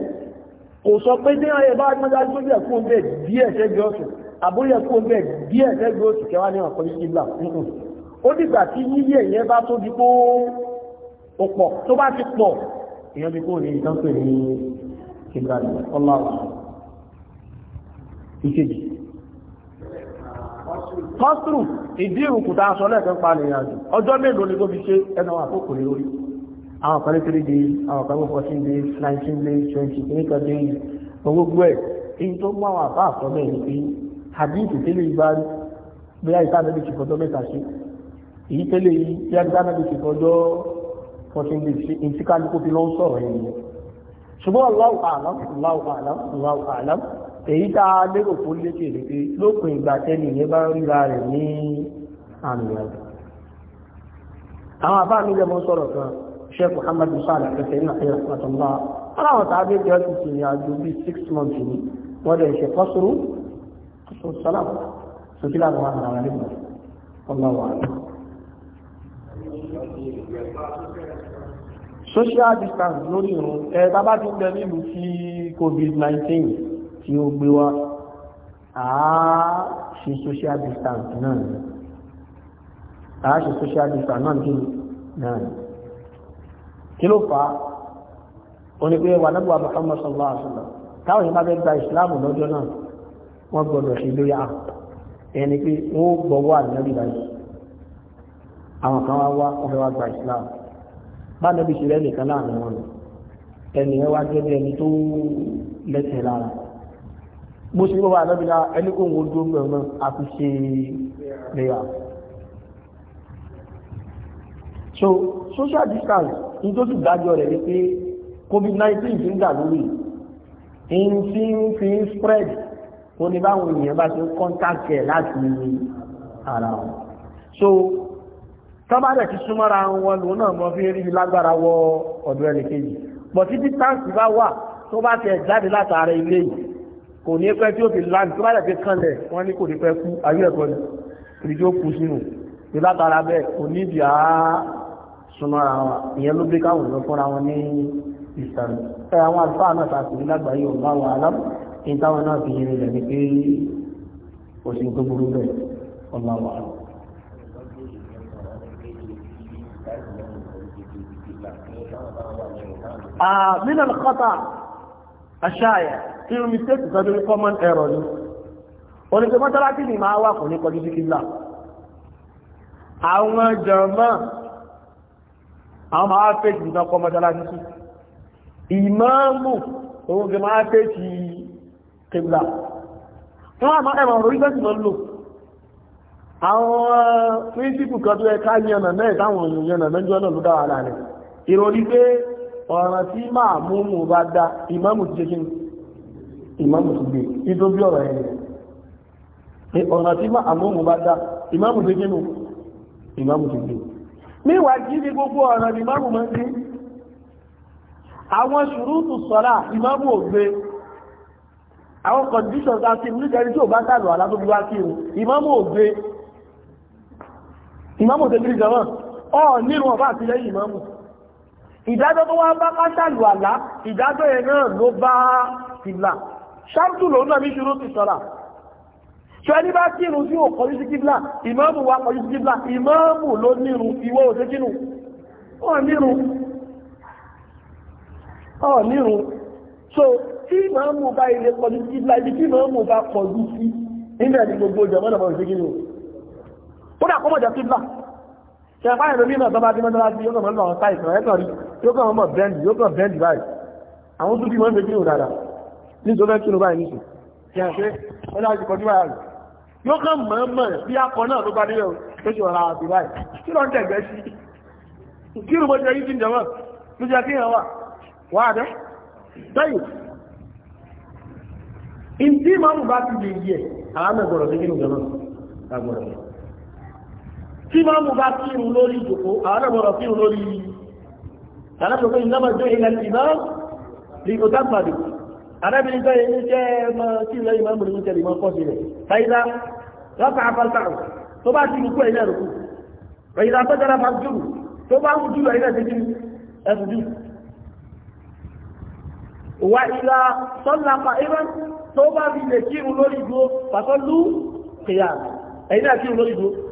kò sọ pé dé ayé bá gbọ́dá tó yẹ kó ń bẹ díẹ̀ sẹ́gbẹ̀ẹ́ ọ̀sùn èèyàn ti kó ní ìdánpè ní ìgbàlè ọláwà ìkejì kọ́sùrù ìdí ìrùkùtà aṣọ lẹ́ẹ̀kan pa lè rìnàjò ọjọ́ mélòó ni tó fi ṣe ẹnu àkókò lè lórí àwọn kan ní three days àwọn kan ní fourteen days nineteen days twenty three days gbogbo ẹ̀ èyí tó mú àwọn àbá àtọ́ bẹ́ẹ̀ ni pé hadith tẹ́lẹ̀ yìí bá rí bí àìsàn àbẹ́bí ti fọjọ́ mẹ́ta ṣe èyí tẹ́lẹ̀ yìí bí àìsàn àbẹ́bí ti fọjọ́ wọ́n ti ń lè ṣe èyí tí kálukú fi lọ́n sọ̀rọ̀ yẹn ni ṣùgbọ́n Allahu a'lam Allahu a'lam Allahu a'lam èyí tá a lérò fún létí rẹ̀ pé lópin ìgbà tẹ́lẹ̀ yẹn bá ríra rẹ̀ ní àmì àgbà àwọn àbá mi lẹ́mọ sọ̀rọ̀ kan Sheikh Muhammad Sa'ad àfẹ́fẹ́ ní àyẹ̀ àtọ̀mbá aláwọ̀ tá a social distance lórí ìrún ẹ̀ta bá ti ń bẹ nílùú tí covid-19 tí ó gbé wá àá social distance náà ni àá social distance náà ni náà ni kí ló fà á ó ní pé wà nábùwà Muhammad sallallahu alaihi wasallam táwọn yìí bá fẹ́ gba ìsìláàmù lọ́jọ́ náà wọ́n gbọ́dọ̀ ṣe lóyà ẹni pé wọ́n gbọ́wọ́ àdínàbì àwọn kan wá wá wọ́n fẹ́ wá gba islam báńdà bí ìṣẹ̀lẹ̀ nìkan láàrin wọn ẹni ẹ wá gẹ́gẹ́ ẹni tó lẹ́sẹ̀ lára bó ṣe wọ́n àdábìlá ẹni kò ń wojú ọmọ ẹ̀mọ́ àti ṣe rẹ̀yà so social distance ní tó sì dájọ́ rẹ̀ ni pé covid-19 ti ń dà lórí in ti fi ń spread ó ní báwọn èèyàn bá ṣe ń contact ẹ̀ láti ara wọn so tọ́bàdẹ̀ ti súnmọ́ra wọn lòun náà mọ́ fi rí lágbára wọ ọ̀dọ̀ ẹnìkejì bọ̀ tí distance bá wà tó bá tẹ̀ jáde látara ilé yìí kò ní pẹ́ tí ó fi láàrín tó bá dẹ̀ fi kanlẹ̀ wọ́n ní kò ní pẹ́ kú ayé ẹ̀kọ́ ni ibi tí ó kú sínú ní látara bẹ́ẹ̀ kò ní ìdí àá súnmọ́ra wọn ìyẹn ló gbé káwọn èèyàn fúnra wọn ní ìsàlẹ̀ ẹ àwọn àlùfáà náà ta sì ní lágbàáyé ọ̀gá àwọn من الخطأ الشائع في ميستيك تدري common error ni wọ́n ti mọ́tàlá tí ni máa wà kò ní kọjú sí kílá àwọn jàmá àwọn máa fèjì náà kọ mọ́tàlá ní sí ìmáàmù òun fi máa fèjì kílá wọ́n àmá ẹ̀mọ̀ orí fẹ́sì mọ́ lò eh, ọ̀ràn tí máa mú mú bá dá ìmáàmù ti ṣe ìmáàmù ti gbé nítorí ọ̀rọ̀ ẹ̀yẹ ọ̀ràn tí máa mú mú bá dá ìmáàmù ti ṣe ìmáàmù ti gbé níwà jí ní gbogbo ọ̀ràn ìmáàmù máa ń gbé àwọn ṣùrùtù sọ́lá ìmáàmù ò gbé àwọn condition ta kí nígbẹ̀rí tí ò bá sàlù alábòbí wá kí ìmáàmù ò gbé ìmáàmù ò tẹ́lẹ̀ jọmọ́ ọ̀ nínú ọ̀bá àtìlẹ́yìn ìmáàmù ìdájọ́ tó wá bá káṣàlù àlá ìdájọ́ yẹn náà ló bá kìblà ṣáàtù lòun náà ní ṣúró ti sọ́ra ṣọ ẹni bá kírun sí òkọjú sí kìblà ìmáàmù wa kọjú sí kìblà ìmáàmù ló nírun ìwọ òṣè kínú ọ̀ nírun ọ̀ so tí ìmáàmù bá ilé kọjú sí kìblà ibi tí ìmáàmù bá kọjú sí nígbà ní gbogbo ìjọba náà ṣe fáyẹ̀ lómi náà tọ́ba dín mọ́tọ́lá sí yóò kàn mọ́ ọ̀tá ìtàn ẹ̀kàn rí yóò kàn mọ́ bẹ́ndì yóò kàn bẹ́ndì báyìí àwọn tó bí wọ́n ń gbé kírun dáadáa nítorí fẹ́ kírun báyìí nìṣẹ́ ṣe àṣẹ wọ́n láti kọjú báyà rẹ̀ yóò kàn mọ́ mọ́ bí akọ náà ló bá dé yẹn tó ṣe ọ̀rọ̀ àti báyìí kí ló ń tẹ̀gbẹ́ sí kírun bó ṣe yí ti ń jẹmọ́ ló jẹ kí wà wà dẹ́ bẹ́yìn ìdí ìmọ̀ bá ti lè yẹ àwọn mẹ́gbọ̀rọ̀ sí kírun jẹmọ́ tí máa mú bá kírun lórí ìjòkó àwọn ọmọ kírun lórí alábòkó ìlọ́mọdé ilẹ̀ ìlọ́ lè kò dápàdé arábìnrin tó yẹ ní jẹ́ ọmọ tí ìlọ́ ìmọ̀ mú ní ìmọ̀ pọ̀ sí rẹ̀ fàyídá lọ́kà afáltàrù tó bá ti rúkú ilẹ̀ rúkú fàyídá tọ́jára fa jùlù tó bá wù jùlọ ilẹ̀ ti jùlù ẹ̀fù jù wà ìlà sọ́lá pa ìrán tó bá fi lè kírun lórí ìdúró pàtọ́lú kìyà ẹ̀yìn àti ìrún lórí ìdúró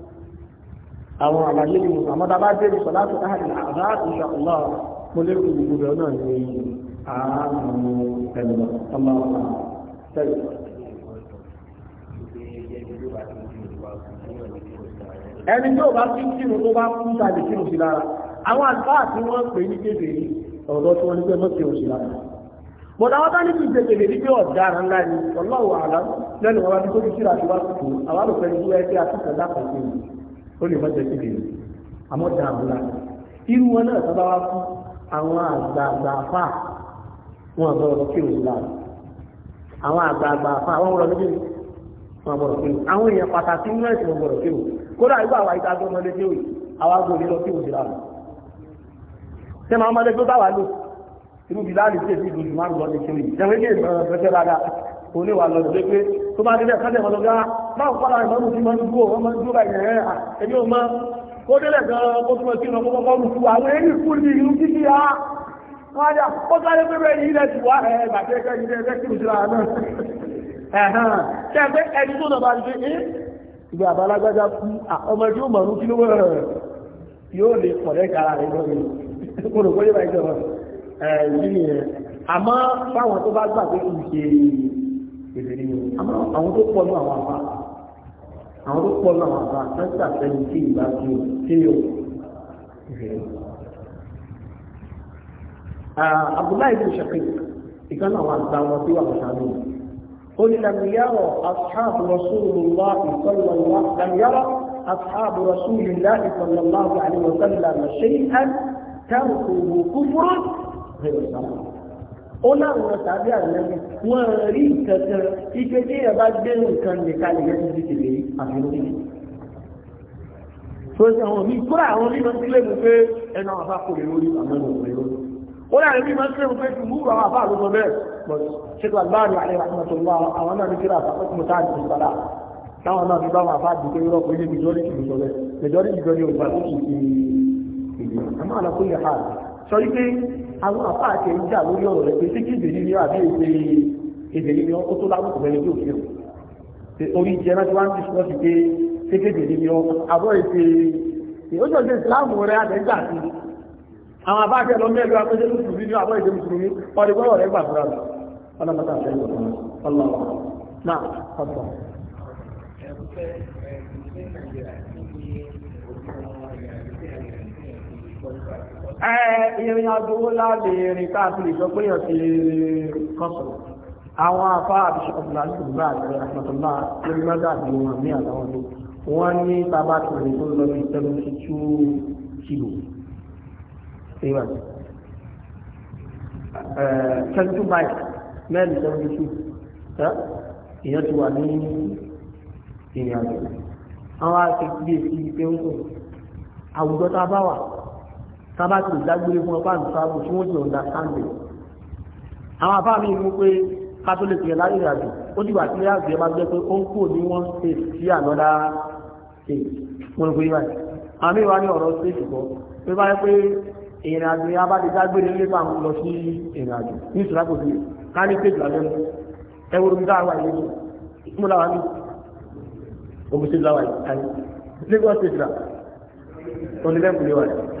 àwọn àlàyé ni àmọ́ tá a bá débi sọ láti káàdì àbá ìṣà ọlá mo lérò gbogbo rẹ̀ náà ní àánú ẹ̀rọ ọmọ ọmọ tẹ́lẹ̀. ẹni tí ó bá kí sínú tó bá kú tàbí sínú sí lára àwọn àlùfáà tí wọ́n pè ní kéde yìí ọ̀dọ́ tí wọ́n ní pé mọ́ sí òsì lára bọ̀dá wọ́n bá ní kí ìgbésẹ̀ lè rí bí ọ̀daràn ńlá ni ọlọ́wọ̀ àlá lẹ́nu wọn bá ní kó ti wá kùtù àwọn àlùfẹ́ ní ẹgbẹ́ àtúntàn lápàtì ó lè mọ́jọ sí ìlú àmọ́ dàbúlà irú wọn náà sábà wá fún àwọn àgbààgbà fà wọn àbọ̀rọ̀ lọ kírun ìlà àwọn àgbààgbà fà wọn rọ méjì wọn àbọ̀rọ̀ kírun àwọn èèyàn pàtàkì nínú ẹ̀sìn wọn bọ̀rọ̀ kírun kódà irú àwa ìta tó mọ́lé tí ó yìí àwa gbòdì lọ kírun ìlà ṣé máa mọ́lé tó bá wà lò irú bìlá lè ṣe ìdùnnú márùn-ún lọ́dún kírun ìlà ṣé kò ní wà lọ sí pé tó bá délẹ̀ sáńdẹ̀ wọn lọ́gá báwọn kọ́lá ìmọ̀mù tí wọ́n ń gbó wọ́n máa ń dúró ẹ̀yẹ̀ rẹ̀ ẹ̀mí ò mọ́ ó délẹ̀ gan-an ó túnmọ̀ sí ọmọ kọ́kọ́ rú fún àwọn èyí fún ní irú títí a wọ́n á dá ó sáré pé bẹ́ẹ̀ ilẹ̀ ti wá ẹ̀ bàtẹ́ ẹgbẹ́ ilé ẹgbẹ́ kí òṣèlú àná ẹ̀hán ṣe pé ẹni tó nàbà ṣe é ìgbà àbálágbájá kú ọmọ tí ó mọ̀ ní kílówó rẹ̀ yóò lè pọ̀lẹ́ kára rẹ̀ lọ́rẹ̀ kó lè kó lè bá ìjọba ẹ̀ yìí nìyẹn àmọ́ báwọn tó bá gbà pé kì í ṣe ìbèrè yìí àmọ́ àwọn tó pọ̀ ní àwọn àbá àwọn tó pọ̀ ní àwọn àbá sẹ́ńtà sẹ́yìn tí ìgbà tí o tí o ìbèrè. Abdullahi bin Shaqiq ikanni wa àwọn àgbà wọn tí wà lọ́sàn-án nù. ó ní lam yara ashabu rasulillah sallallahu lam yara ashabu rasulillah sallallahu alayhi wa sallam shay'an tarkuhu kufran ghayra salam. ó láwọn tàbí àlẹ́mú wọn rí nǹkan kan ike tí ẹ bá gbé nǹkan nìkan lè yẹn ti tèlé àfihàn òbí. tó ṣe àwọn mí kúrò àwọn mí máa ń kílẹ̀ mú pé ẹnu àwọn afá kò lè lórí àmọ́ ẹnu kò lè lórí. ó láwọn mí máa ń kílẹ̀ mú pé kí múrù àwọn afá ló sọ bẹ́ẹ̀ ṣètò àgbáàrí àlẹ́ àtúntò àwọn náà ní àti ìsọ̀lá wọn afá dùn ní majority ìjọ bẹ́ẹ̀ majority ìjọ ni òǹgbà tó kì í àwọn àpá àti ẹ̀yìn jà lórí ọ̀rọ̀ rẹ̀ pé sí kí ìbèrè ní àbí èdè ìbèrè ní ọkọ̀ tó láwùjọ mẹ́rin tó fi hàn orí jẹ́ náà tí wọ́n ti sọ́ọ́ sí pé sí kí ìbèrè ní ọkọ̀ àbọ̀ èdè ìhójọ́ ìdè ìsìláàmù rẹ̀ àtẹ̀jà sí àwọn àpá àti ẹ̀lọ́mẹ́ ìlú apẹ́jẹ́ mùsùlùmí ní àbọ̀ èdè mùsùlùmí ọdẹ gbọ́dọ̀ rẹ̀ gbà fúra ọlọ́mọ ìrìn àjò owó láàrin ìrìn káàkiri sọ pé ọ̀sẹ̀ kọ́sọ̀ àwọn afá àbíṣọ́ ọ̀bùnà àti àtàtàmà lórí mọ́gà àti wọn ní àtàwọn tó wọ́n ní bàbá kìrì tó lọ sí tẹ́lú sí tú kìlò ìwà twenty mẹ́rin seventy two ìyẹn ti wà ní ìrìn sábà tí ìdágbére fún ọpá ìsáàbò tí wọ́n ti ọ̀dà sáńdẹ̀. àwọn afá mi mú pé catholic yẹn láyé ìrìnàjò ó dìgbà tí ìrìnàjò yẹn bá jẹ́ pé ó ń kò ní wọ́n state sí ànọ́dá state mo rò pé báyìí. àwọn mí wá ní ọ̀rọ̀ state kọ́ pé báyìí pé ìrìnàjò yẹn abá ti dágbére nílé fún àwọn lọ sí ìrìnàjò ní ìṣúra kò sí ká ní state làbẹ́ mu ẹ wo omi dáhà wà ní ìlú mo làwà ní omi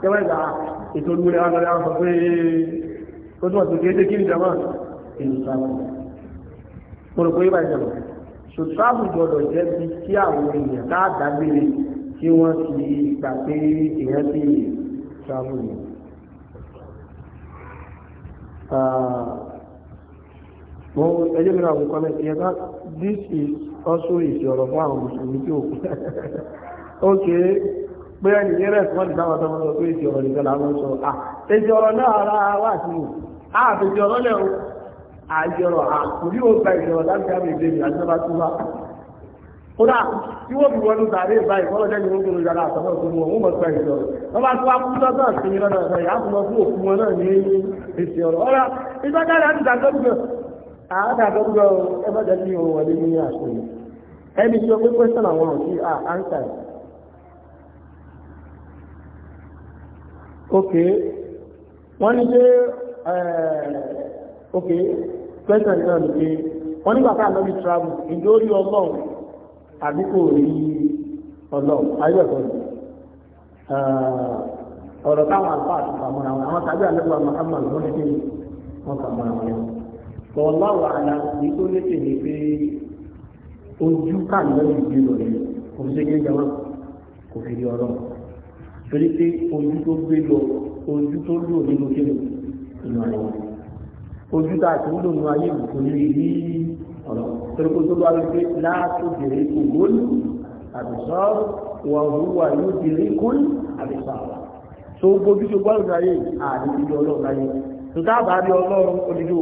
tẹ́wọ́ ìgbà ètò olúwẹ̀rẹ̀ wọn lọ́rẹ́ wọn sọ pé ó tún ọ̀tún kéde kí nìjọba èyí sábà mo rò pé yóò bá ìjọba sòtúráàbù gbọdọ̀ jẹ́ bí kí àwọn èèyàn káàdágbére tí wọ́n mìíràn ah, àwọn kọ́mẹ́ ti ẹgbá this is also ìṣòro fún àwọn mùsùlùmí tí ó kú ok pé ẹni yẹn rẹ̀ fún ìdáwọ̀ tó wọ́n sọ pé èsì ọ̀rọ̀ nìkan làwọn sọ à èsì ọ̀rọ̀ náà ara wà sí i à àtòsí ọ̀rọ̀ lẹ̀ o àjọrọ̀ àkùrí ó gba ìjọrọ̀ láti àmì ìdè ìrìn àjọba tó wá. kódà tí wọ́n fi wọnú sàárè báyìí wọ́n lọ́jọ́ ìwé gbòòrò yàrá àtọ́nà tó wọ́n wọ́n mọ̀ gba ìjọrọ̀ wọ́n bá tó wá kú lọ́sọ̀ sí i lọ́nà ọ̀sán ìyá fún ọkú òkú wọn náà ní èsì ọ̀rọ̀ ọ̀rọ̀ ìgbàjáde àti ìdàgbàgbà àádàgbàgbà ẹgbàjáde ìhòòhò wọlé ní àṣẹ ẹni tí ó pé pẹ́sàn àwọn ọ̀sìn à áńsà ok wọ́n ní pé eh, ok question náà ni pé wọ́n nígbà ká lọ́bí travel ìjọ rí ọlọ́run àbí kò rí ọlọ́run ayẹ́kọ̀ọ́ eh, ọ̀rọ̀ táwọn àlùfáà àti kàmọ́ra wọn àwọn tàbí àlẹ́kọ̀ọ́ Muhammad wọ́n ní pé wọ́n kàmọ́ra wọn bọ̀láwà ara ní tó lékè ní pé ojú káàlì lọ́bí ìgbé lọ́rẹ̀ kò fi ṣe kí ń jẹun torí pé ojú tó gbé lọ ojú tó lò nínú kéwì nínú ayé ojú tá a ti ń lò nínú ayé kò ní rí ọ̀rọ̀ torí pé tó bá rí pé láàtò bèrè kò gbólú àbùsọ́ wà wúwà yóò bèrè kólú àbùsọ́ so gbójú tó gbọ́ lọ́dún ayé àdìsí di ọlọ́run ayé tó tá a bá onídó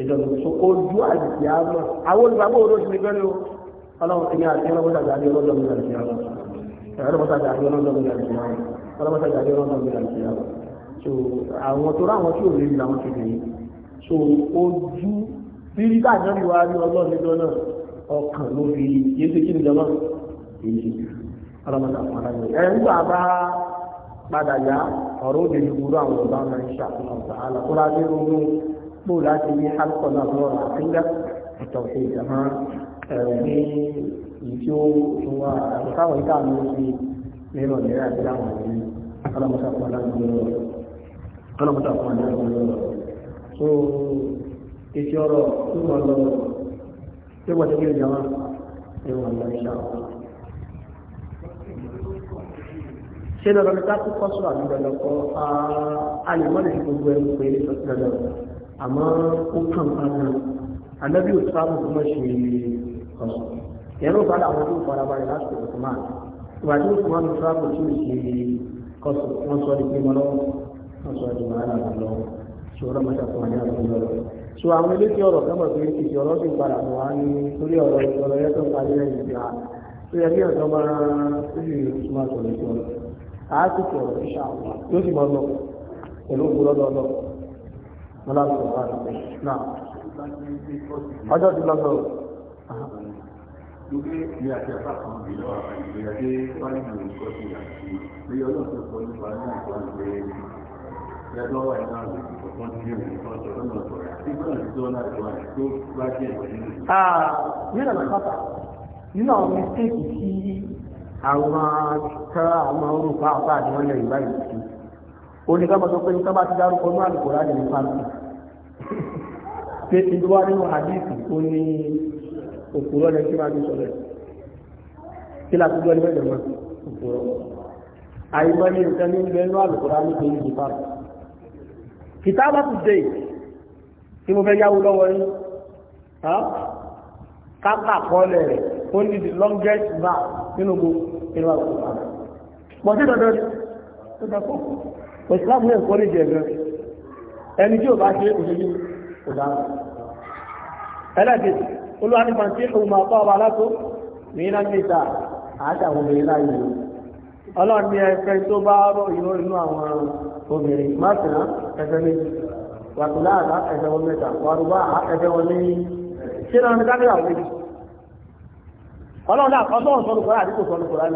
ìjọba so ojú àdìsí àmọ́ àwọn olùgbàgbọ́ òdo ti ní fẹ́rẹ́ o ọlọ́run ti ní àti ọlọ́run tàbí àdìsí ọlọ́run tàbí àdìsí àmọ́ ẹ̀rọ mọ́ta jà àjọ lọ́dọ̀ lórí àjọ wọn ẹ̀rọ mọ́ta jà àjọ lọ́dọ̀ lórí àjọ so àwọn tó ráwọn tí ò lè rí làwọn ti so ojú rírí káàdì náà wà ní ọlọ́run níjọ́ náà ọkàn ló fi yé ṣe kí ni jọlọ́ èyí ẹ̀rọ mọ́ta fún ara yẹn ẹ̀ ń gbà bá padà yá ọ̀rọ̀ òde ní gbúrú àwọn ọba máa ń ṣàfihàn ọ̀tà àlàkúrá dé ronú bó láti ní alukọ̀nà àbúrò àfíńgá ọ̀tọ̀ èyí tí ó fún wa àtàwọn ìta àwọn oṣù lẹ́rọ lẹ́rọ àti àwọn òní ọlọ́mọta so ètò ọ̀rọ̀ tó wà lọ tí wọ́n ti kéde jàmá ẹ̀wọ̀n lọ ìṣà ṣé lọ́dọ̀ ní ká kókó sọ àbí dandan kọ́ alìmọ́lẹ̀ ti ẹ̀rọ padà wọn tó farabalẹ̀ lásìkò Usman ìgbà tí Usman tó rákò tí ì ṣe kọsù wọn sọ di pímọ lọ́wọ́ wọn sọ di wàhálà wọn lọ́wọ́ ṣòro mọ́ta fún àyà fún lọ́wọ́ so àwọn eléyìí ọ̀rọ̀ kẹ́mọ̀ pé ìṣe ọ̀rọ̀ sì padà mọ́ wá ní torí ọ̀rọ̀ ìṣọ̀rọ̀ yẹn tó ń parí lẹ́yìn ìgbà tó yẹ kí ọ̀dọ́ máa rí Usman sọ̀rọ̀ ìṣọ̀rọ̀ àásìkò ọ̀rọ̀ ìṣà yóò sì máa lọ pẹ̀lú ògbólọ́dọ̀ọ́lọ́ wọn láti sọ̀rọ̀ àdàpọ̀ náà ọjọ́ ti lọ́gbọ̀ọ́ lókè ní àti àpá kan ìlú ìrìnàjò fáìlì ìkọsí àti pé ọlọ́run tó sọ nípa náà kan pé yàtọ̀ wà nínú àwọn ìkọ̀kan tí yóò ní kan sọ̀rọ̀ náà sọ̀rọ̀ àti gbọ́dọ̀ tó tọ́ láti tó bá jẹ́ ìwọ̀n nínú. Ah, nínú àwọn pátá nínú pé nípa bá ti dárúkọ ní àlùkò láti ní fáńtì pé ìdúwárí àdéhùn ó ní òkúrọ́ lẹ́yìn tí wàá fi sọ̀rọ̀ ẹ̀ kí la kúrọ́ lẹ́yìn ìjọba òkúrọ́ àìmọ́ ní nǹkan ní ilé inú àlùkòrá ní kò ní ti fa kìtá bá ti dé tí mo fẹ́ yáwó lọ́wọ́ yín kápá kọ́lẹ̀ rẹ̀ ó ní the longest bar nínú gbogbo inú àlùkòrá pọ̀ sí dandan ní ó dà pọ̀ òṣìláàmù náà kọ́ ní ìdí ẹ̀gbẹ́ ẹni tí ò bá ṣe òṣèlú kò dára olúwa ní fàǹtíhù máa tọ́ ọba látó mìíràn níta àtàwọn mìíràn yìí ọlọ́run ní ẹ̀fẹ́ tó bá rọ ìró inú àwọn obìnrin mọ́sìnà ẹ̀fẹ́ méjì wàtúlá àdá ẹ̀fẹ́ wọn mẹ́ta wàrúbá ẹ̀fẹ́ wọn ní ṣé náà ní kákìlà òwe jù ọlọ́run náà kọ́ sọ́run sọ́run kọ́ra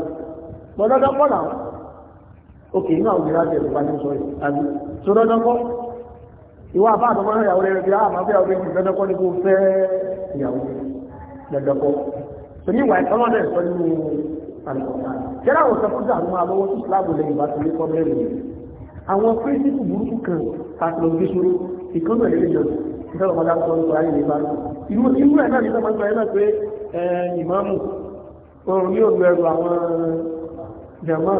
àdínkù àbí ìyàwó lẹ́gbẹ̀kọ́ tó ní ìwà ìtọ́lọ́dẹ̀ sọ nínú àlùkọ̀tà jẹ́rẹ́ àwọn sọ fúdà àwọn alówó tí ìsìláàmù lẹ́yìn bá ti lé pọ́blẹ́mù yìí àwọn pírísìpù burúkú kan pàtàkì gbé sóró ìkọ́nà ìrìnjọ ìfẹ́ ọmọdé àwọn ọmọdé ayé lè bá inú inú ẹ̀ náà ní sọ́mọ́ ìgbà náà pé ìmáàmù òun ní òun ẹrù àwọn jẹ̀mọ́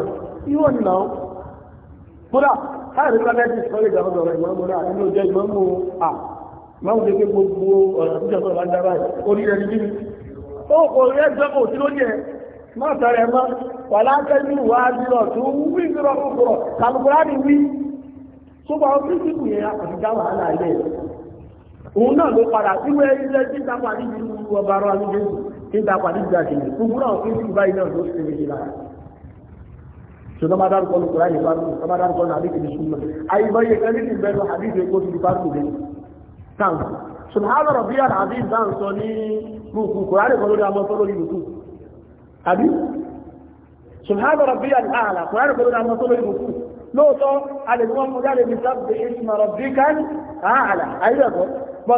yóò ní náà kódà káàrí kọ́lẹ́jì sọ́lẹ̀ ìjàmọ́ máa ń gbé gbogbo ọ̀nà tó jẹ́ ọ̀nà dára orí ẹni bí ó kò rí ẹgbẹ́ kò sí lónìí ẹ̀ máa tẹ̀rẹ̀ mọ́ wà látẹ́jú wá dúró tó wí dúró kòkòrò kàlùkùrá ni wí tó bá wọn fífi kù yẹn àti dá wàhálà ilẹ̀ òun náà ló padà sí wẹ́ ilé tí ìta pàdé ju ọba ara ní jésù tí ìta pàdé ju àṣẹ yìí gbogbo náà fífi kù báyìí náà ló ṣe méjì lára ṣùgbọ́n máa dárúkọ ní kùrá yìí táwọn ṣùgbọ́n rọ̀bí àdàbí ìdáhùn sọ ní rúkú kò rárí kan lórí amọ́ tó lórí rúkú àbí ṣùgbọ́n rọ̀bí àdàbí kò rárí kan lórí amọ́ tó lórí rúkú lóòótọ́ alẹ́gbọ́n mú jáde ní sábẹ̀ ìṣúná rọ̀bí kan àhàlà àìdẹ̀kọ́ bọ̀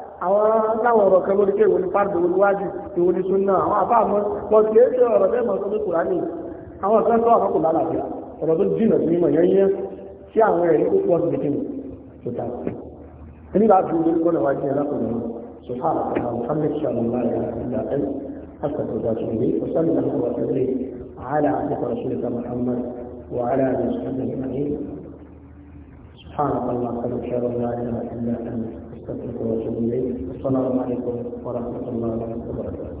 àwọn láwọn ọ̀rọ̀ kan lórí pé ìwò ní fáàdì ìwò níwájú ìwò ní súnà àwọn àbáàmọ́ wọ́n ti kéèké ọ̀rọ̀ bẹ́ẹ̀ mọ̀ sọ́dún kùránì àwọn ọ̀sán tó tó lálàáfíà ọ̀rọ̀ tó jìnà sí mímọ̀ yẹn yẹn sí àwọn ẹ̀rí ó pọ̀ sí kíni tó سبحانك اللهم وبحمدك اشهد ان لا اله الا انت Assalamualaikum warahmatullahi wabarakatuh.